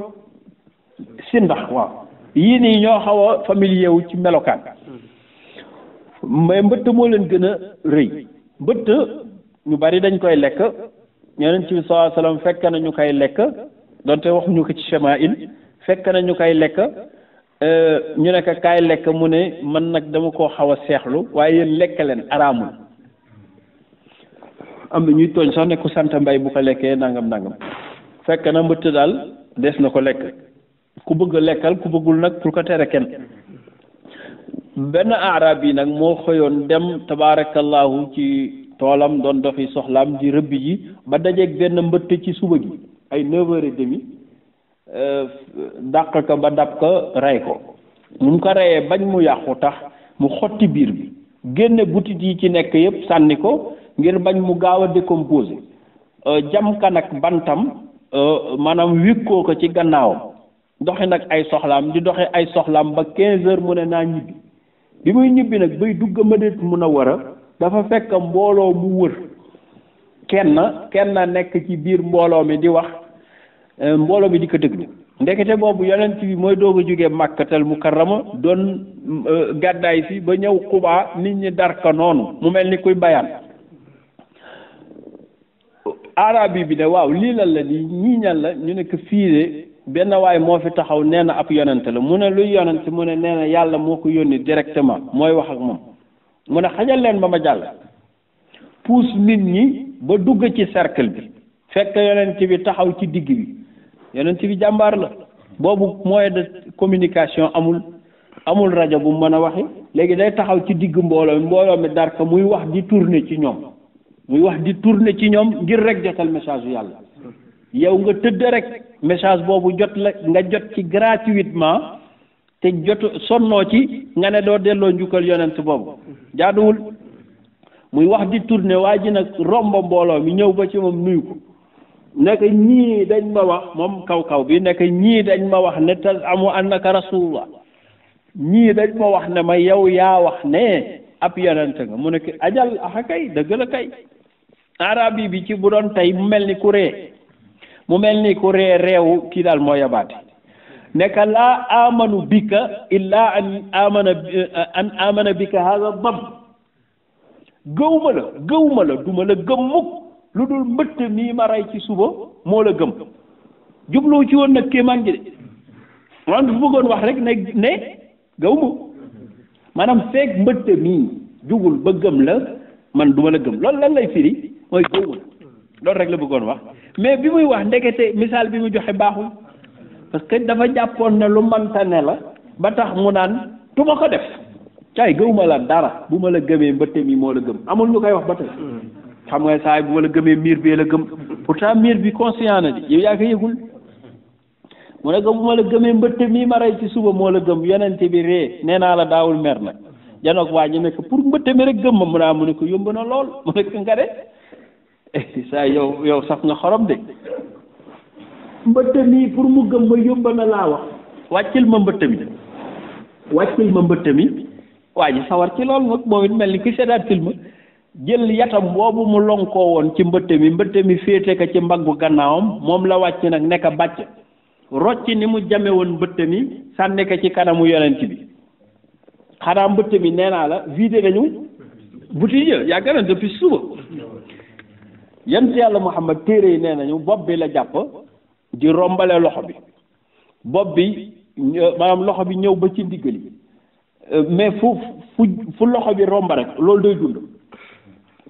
A: sindax waaw yii nii ñoo xaw a familier wu ci melokaan mais mbëtt moo leen gën a rëy mbëtt ñu bari dañ koy lekk yonent bi sallallahu alayhi wasallam fekk na koy lekk donte waxuñu ko ci shamail fekk na euh, ñu koy lekk ñu nekk ko kaay lekk mu ne man nag dama ko xaw a seexlu waaye lekk leen araamul am na ñuy tooñ sax ne ku sant mbay bu ko lekkee nangam nangam fekk na mbëtt daal des na ko lekk ku bëgg lekkal ku bëggul nag pour ko tere kenn benn arab yi nag moo xëyoon dem tabaarakallahu ci toolam doon doxi soxlaam di rëbb ji ba dajeeg benn mbëtt ci suba gi ay neuf heures et demi dàq ko ba dab ko rey ko mu ko reyee bañ mu yàqu tax mu xotti biir bi génne butit yi ci nekk yépp sànni ko ngir bañ mu gaaw a décomposé euh, jam ka nag bantam euh, maanaam wikkoo ko ci gannaawam doxi nag ay soxlaam di doxe ay soxlaam ba quinze heures mu ne naa ñibbi bi muy ñibbi nag bay dugg a Madinatul Munawwara dafa fekk mbooloo mu wër kenn kenn nekk ci biir mbooloo mi di wax Euh, mbooloo bi di ko déglu ndekete boobu yonent bi mooy doog a jógee màkkatal mukarrama doon euh, gàddaay si ba ñëw xubaa nit ñi dar noonu mu mel ni kuy bayaan arabi bi de waaw lii la la di ñii la ñu nekk fii benn waay moo fi taxaw nee na ab yonent la mu ne luy yonent mu ne nee yàlla moo ko yónni directement mooy wax ak moom mu ne xajal leen ba ma jàll puus nit ñi ba dugg ci cercle bi fekk yonent bi taxaw ci digg bi yonent bi jàmbaar la boobu moyen de communication amul amul rajo bu mën a waxe léegi day taxaw ci digg mbooloo mi mbooloo mi dar ka muy wax di tourner ci ñoom muy wax di tourner ci ñoom ngir rek jotal message yu yàlla yow nga tëdd rek message boobu jot la nga jot ci gratuitement te jot sonnoo ci nga ne doo delloo njukkal yonent boobu jaaduwul muy wax di tourner waa ji nag romb mbooloo mi ñëw ba ci moom nuyu ko nekk ñii dañ ma wax moom kaw kaw bi nekk ñii dañ ma wax ne tas amu annaka rasulullah ñii dañ ma wax ne ma yow yaa wax ne ab yonent nga mu nekk ajal axa kay dëgg la kay arabi bi ci bu doon tey mu mel ni ku ree mu mel ni ku ree reewu kii daal moo yabaate nekk laa amanu bika illa an amana an amana bika hada la gëwma la duma la gëm lu dul mbëtt mi ma rey ci suba moo la gëm jubluwu ci woon nag kéemaan gi de maanaam dafa bëggoon wax rek ne ne gaw ma maanaam feeg mbëtt mii jugul ba gëm la man du ma la gëm loolu lan lay firi mooy gëwul loolu rek la bëggoon wax mais bi muy wax ndekete misaal bi mu joxe baaxul parce que dafa jàppoon ne lu manta la ba tax mu naan du ma ko def caay gëwuma la dara bu ma la gëmee mbëtt mi moo la gëm amul ñu koy wax ba tey xam nga saa bu ma la gëmee miir bi la gëm pourtant miir bi conscient na di yow yaa yëgul mu ne ko bu ma la gëmee mbëtt mii ma rey ci suba moo la gëm yonente bi ree nee naa la daawul mer na janoog waa ji nekk pour mbëtt mi rek gëm ma mu naa ah, mu ne ko yomb na lool mu ne ko nga yow yow sax xorom de mbëtt mii mu gëm ma yomb na laa wax wàccil ma mbëtt mi wàccil ma mbëtt mi waa ji sawar ci lool nag moom it mel ni ki seetaat film jël yatam boobu mu lonkoo woon ci mbëtt mi mbëtt mi féete ka ci mbaggu gannaawam moom la wàcc nag nekk bàcc rocc ni mu jame woon mbëtt mi sànni ko ci kanamu yonent bi xanaa mbëtt mi nee naa la vidé nañu buti ya yaa gën a depuis suba yi nee nañu bopp bi la jàpp di rombale loxo bi bopp bi maanaam loxo bi ñëw ba ci ndiggali euh, mais fu fu fu loxo bi romba rek loolu day dund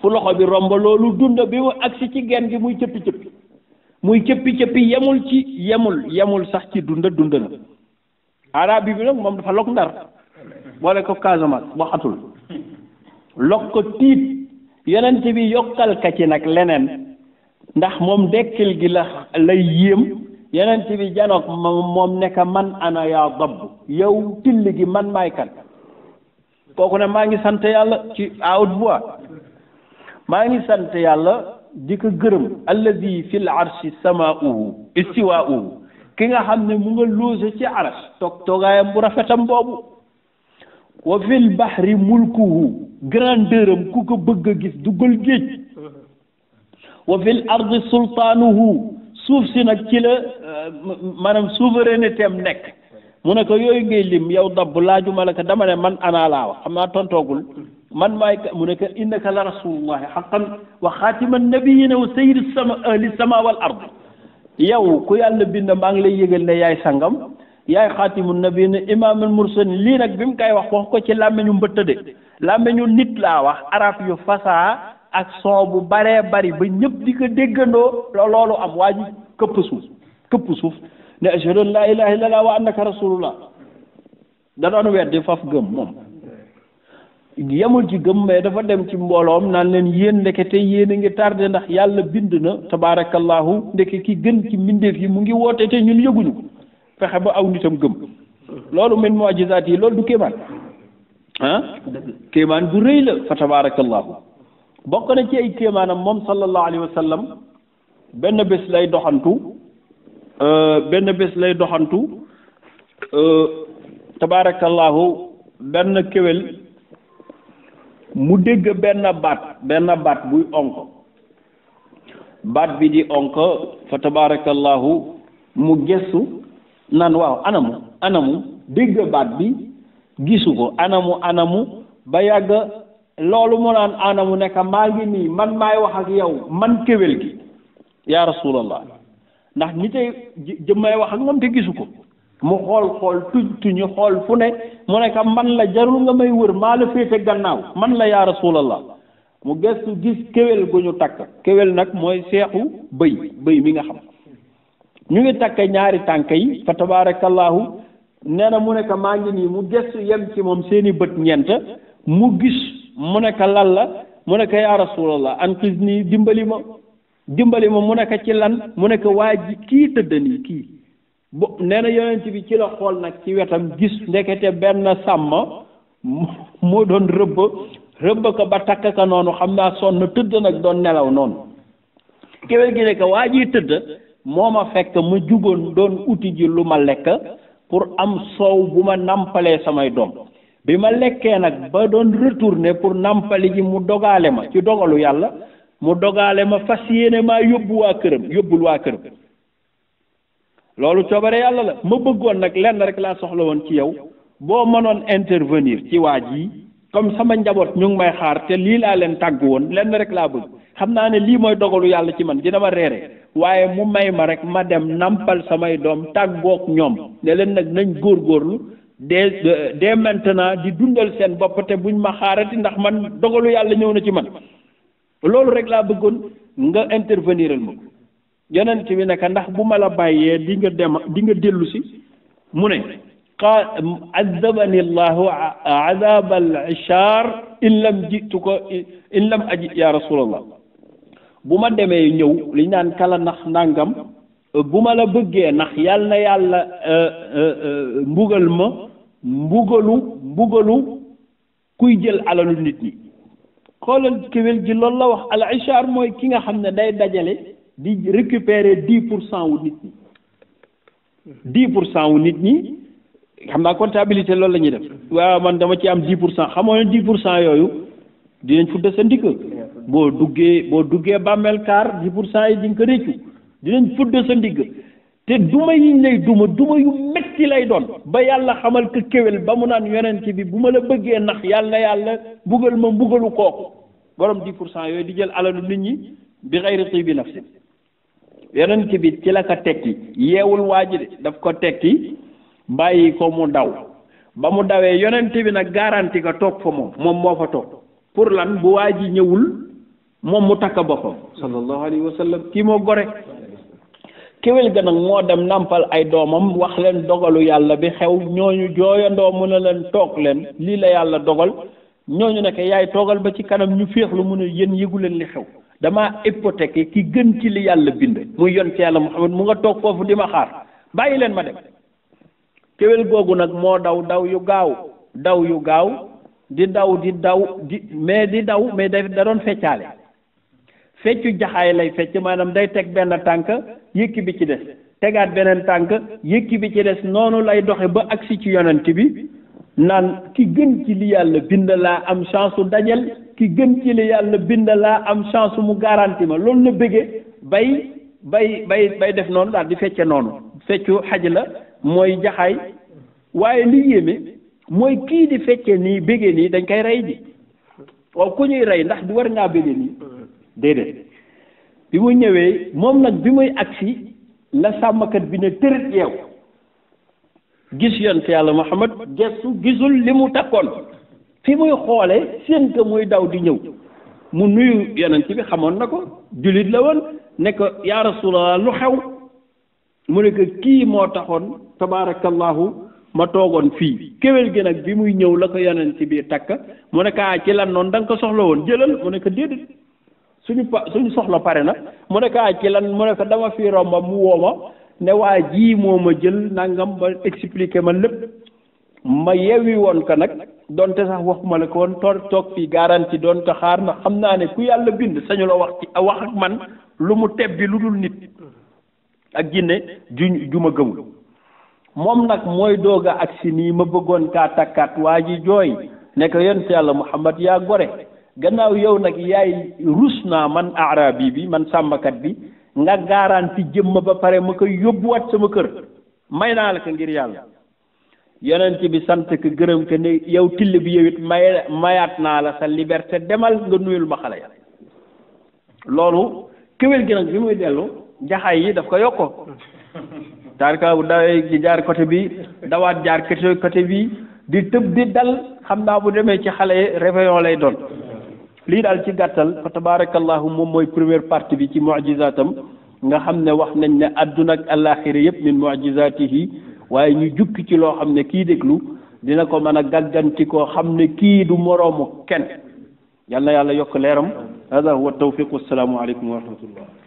A: fu loxo bi romb loolu dund bi mu agsi ci genn gi muy cëppi cëppi muy cëppi cëppi yemul ci yemul yemul sax ci dund dund na arab bi nag moom dafa lok ndar boole ko Casamance waxatul lok ko tiit yonent bi yokkal ka ci nag leneen ndax moom dekkil gi la lay yéem yonent bi janoog moom nekk man ana yaa dabb yow till gi man maay kooku ne maa ngi sant yàlla ci à haute maa ngi sant yàlla di ko gërëm alladi fil arshi samauhu istiwauhu ki nga xam ne mu nga loose ci arsh toog bu rafetam boobu wa fil bahri mulkuhu grandeur am ku ko bëgg a gis duggal géej wa fil ardi sultaanuhu suuf si nag ci la euh, maanaam souveraineté nekk mu ne ko yooyu ngay lim yow dabb laaju ma la ko dama ne man anaa xam naa tontoogul man maay mu ne que innaka la rasulullahi xaqan wa xaatima nabiyina wa sama ahli sama wal yow ku yàlla bind maa ngi lay yëgal ne yaay sangam yaay xaatimu nabiyina imaamul mursalin lii nag bi mu koy wax wax ko ci làmmeñu mbëtt de làmmeñu nit laa wax arab yu fasaa ak son bu baree bari ba ñëpp di ko déggandoo loolu am waa ji këpp suuf këpp suuf ne ashhadu an laa ilaaha illallah wa rasulullah da doon weddi faf gëm moom yemul ci gëm mais dafa dem ci mbooloom naan leen yéen ndekete yéen a ngi tardé ndax yàlla bind na tabaarakallahu ndeke ki gën ci mbindeef yi mu ngi woote te ñun yëguñu fexe ba aw nitam gëm loolu min mu'jizaat yi loolu du kéemaan ah kéemaan bu rëy la fa tabaarakallahu bokk na ci ay kéemaanam moom sallallahu alayhi wa benn bés lay doxantu euh, benn bés lay doxantu euh, tabaarakallahu benn kéwél mu dégg benn baat benn baat buy onk baat bi di onk fa tabarakallahu mu gëstu naan waaw anamu anamu dégg baat bi gisu ko anamu anamu ba yàgg loolu mu naan anamu nekk maa ngi nii man maay wax ak yow man kéwél gi yaa rasulallah ndax nit ay jëmmay wax ak moom te gisu ko mu xool xool tuñ tuñu xool fu ne mu nekk ka man la jarul nga may wër maa la féete gannaaw man la yaa rasulallah mu gëstu gis kéwél gu ñu takk kéwél nag mooy seexu bëy bëy mi nga xam ñu ngi takk ñaari tànk yi fa tabarakallahu nee na mu nekk ka maa ngi nii mu gëstu yem ci moom seeni bët ñeent mu gis mu nekk lal la mu nekk ka yaa rasulallah an xis nii dimbali ma dimbali ma mu nekk ci lan mu nekk ka waa ji kii tëdd nii kii bu nee na yonent bi ci la xool nag ci wetam gis ndekete benn sàmm moo doon rëbb rëbb ko ba takk ko noonu xam naa sonn tëdd nag doon nelaw noonu kéwél gi ne ko waa ji tëdd moo ma fekk ma jugoon doon uti ji lu ma lekk pour am soow bu ma nampalee samay doom bi ma lekkee nag ba doon ne pour nàmpali gi mu dogaale ma ci dogalu yàlla mu dogale ma fas yéene maa yóbbu waa këram yóbbul waa këram loolu coobare yàlla la ma bëggoon nag lenn rek laa soxla woon ci yow boo mënoon intervenir ci waa ji comme sama njaboot ñu ngi may xaar te lii laa leen tàgg woon lenn rek laa bëgg xam naa ne lii mooy dogalu yàlla ci man dina ma reere waaye mu may ma rek ma dem nampal samay doom tàggoog ñoom ne leen nag nañ góorgóorlu dès dès maintenant di dundal seen bopp te buñ ma xaarati ndax man dogalu yàlla ñëw na ci man loolu rek laa bëggoon nga interveniral ma ko yonent bi ne ndax bu ma la bàyyee di nga dem di nga dellu si mu ne qa addabani allahu adab al ishaar in lam jitu ko in lam aji ya rasulallah bu ma demee ñëw li naan kala nax nangam bu ma la bëggee nax yàlla na yàlla e, e, e, mbugal ma mbugalu mbugalu kuy jël alalu nit ñi xoolal kéwél gi loolu la wax al ishaar mooy ki nga xam ne day dajale di récupérer di pour cent wu nit ñi dix pour cent wu nit ñi xam naa comptabilité loolu la ñuy def waaw man dama ci am dix pour cent xamoo ne pour cent yooyu dinañ fudd sa ndigg boo duggee boo duggee bàmmeel kaar dix pour cent yi di ko dinañ fudd sa ndigg te duma yiñ lay duma duma yu metti lay doon ba yàlla xamal ko kéwél ba mu naan yonent bi bu ma la bëggee nax yàlla yàlla mbugal ma mbugalu kooku borom di pour cent yooyu di jël alalu nit ñi bi xayri tibi nafsin yonent bi ci la ko tekki yeewul waa ji de daf ko tekki bàyyi ko mu daw ba mu dawee yonent bi nag garanti ko toog fa moom moom moo fa toog pour lan bu waa ji ñëwul moom mu takk boppam sallallahu alayhi wa sallam kii moo gore kéwél ga nag moo dem nampal ay doomam wax leen dogalu yàlla bi xew ñooñu jooyandoo mu ne leen toog leen lii la yàlla dogal ñooñu nekk yaay toogal ba ci kanam ñu féexlu mu ne yéen yëgu leen li xew dama damaa hypothéqué ki gën ci li yàlla bind muy yon ci yàlla Muhammad mu nga toog foofu di ma xaar bàyyi leen ma dem kéwél googu nag moo daw daw yu gaaw daw yu gaaw di daw di daw di mais di daw mais da da doon feccaale feccu jaxaay lay fecc maanaam day teg benn tànk yëkki bi ci des tegaat beneen tànk yëkki bi ci des noonu lay doxe ba agsi ci yonent bi naan ki gën ci li yàlla bind laa am chance su dajal ki gën ci li yàlla bind laa am chance mu garanti ma loolu la bëggee bay bay bay bay def noonu daal di fecce noonu feccu xaj la mooy jaxaay waaye li yéeme mooy kii di fecce nii bëggee nii dañ koy rey ji waaw ku ñuy rey ndax di war ngaa bëggee nii déedéet bi mu ñëwee moom nag bi muy agsi la sàmmkat bi ne tërët yeew gis yonent yàlla Muhammad gestu gisul li mu takkoon fi muy xoole seen ka muy daw di ñëw mu nuyu yonent bi xamoon na ko jullit la woon ne yaa rasulallah lu xew mu ne ko kii moo taxoon tabaarakallahu ma toogoon fii kéwél gi nag bi muy ñëw la ko yonent bi takk mu ne kaa ah, ci lan noonu da ko soxla woon jëlal mu ne déedéet suñu pa suñu soxla pare na mu ne kaa ah, ci lan mu ne ko dama fii romba mu wooma ne waa ji moo ma jël nangam ma expliqué ma lépp ma yewwi woon ko nag donte sax waxuma la ko woon toog toog fii garanti doon ko xaar na xam naa ne ku yàlla bind sañu la wax ci wax ak man lu mu tebbi lu dul nit ak jinne ju ju ma gëmul moom nag mooy dooga a agsi nii ma bëggoon kaa takkaat waa ji jooy nekk ko yonent yàlla Muhammad yaa gore gannaaw yow nag yaay rus naa man arabi bi man sàmmkat bi nga garanti jëmm ba pare ma koy yóbbuwaat sama kër may naa la ko ngir yàlla yonent bi sant ko gërëm ko ne yow till bi yow it may mayaat naa la sa liberté demal nga nuyul ma xale ya loolu kéwél gi nag bi muy dellu jaxaay yi daf ko yokko taarika bu dawee jaar côté bi dawaat jaar côté côté bi di tëb di dal xam naa bu demee ci xale réveillon lay doon lii daal ci gàttal fa tabarakallahu moom mooy première partie bi ci mujizaatam nga xam ne wax nañ ne àdduna ak àllaaxira yëpp min mujizaatihi waaye ñu jukki ci loo xam ne kii déglu dina ko mën a gàgganti koo xam ne kii du moroomu kenn yal na yàlla yokk leeram hada huwa tawfiq wassalaamu aleykum wa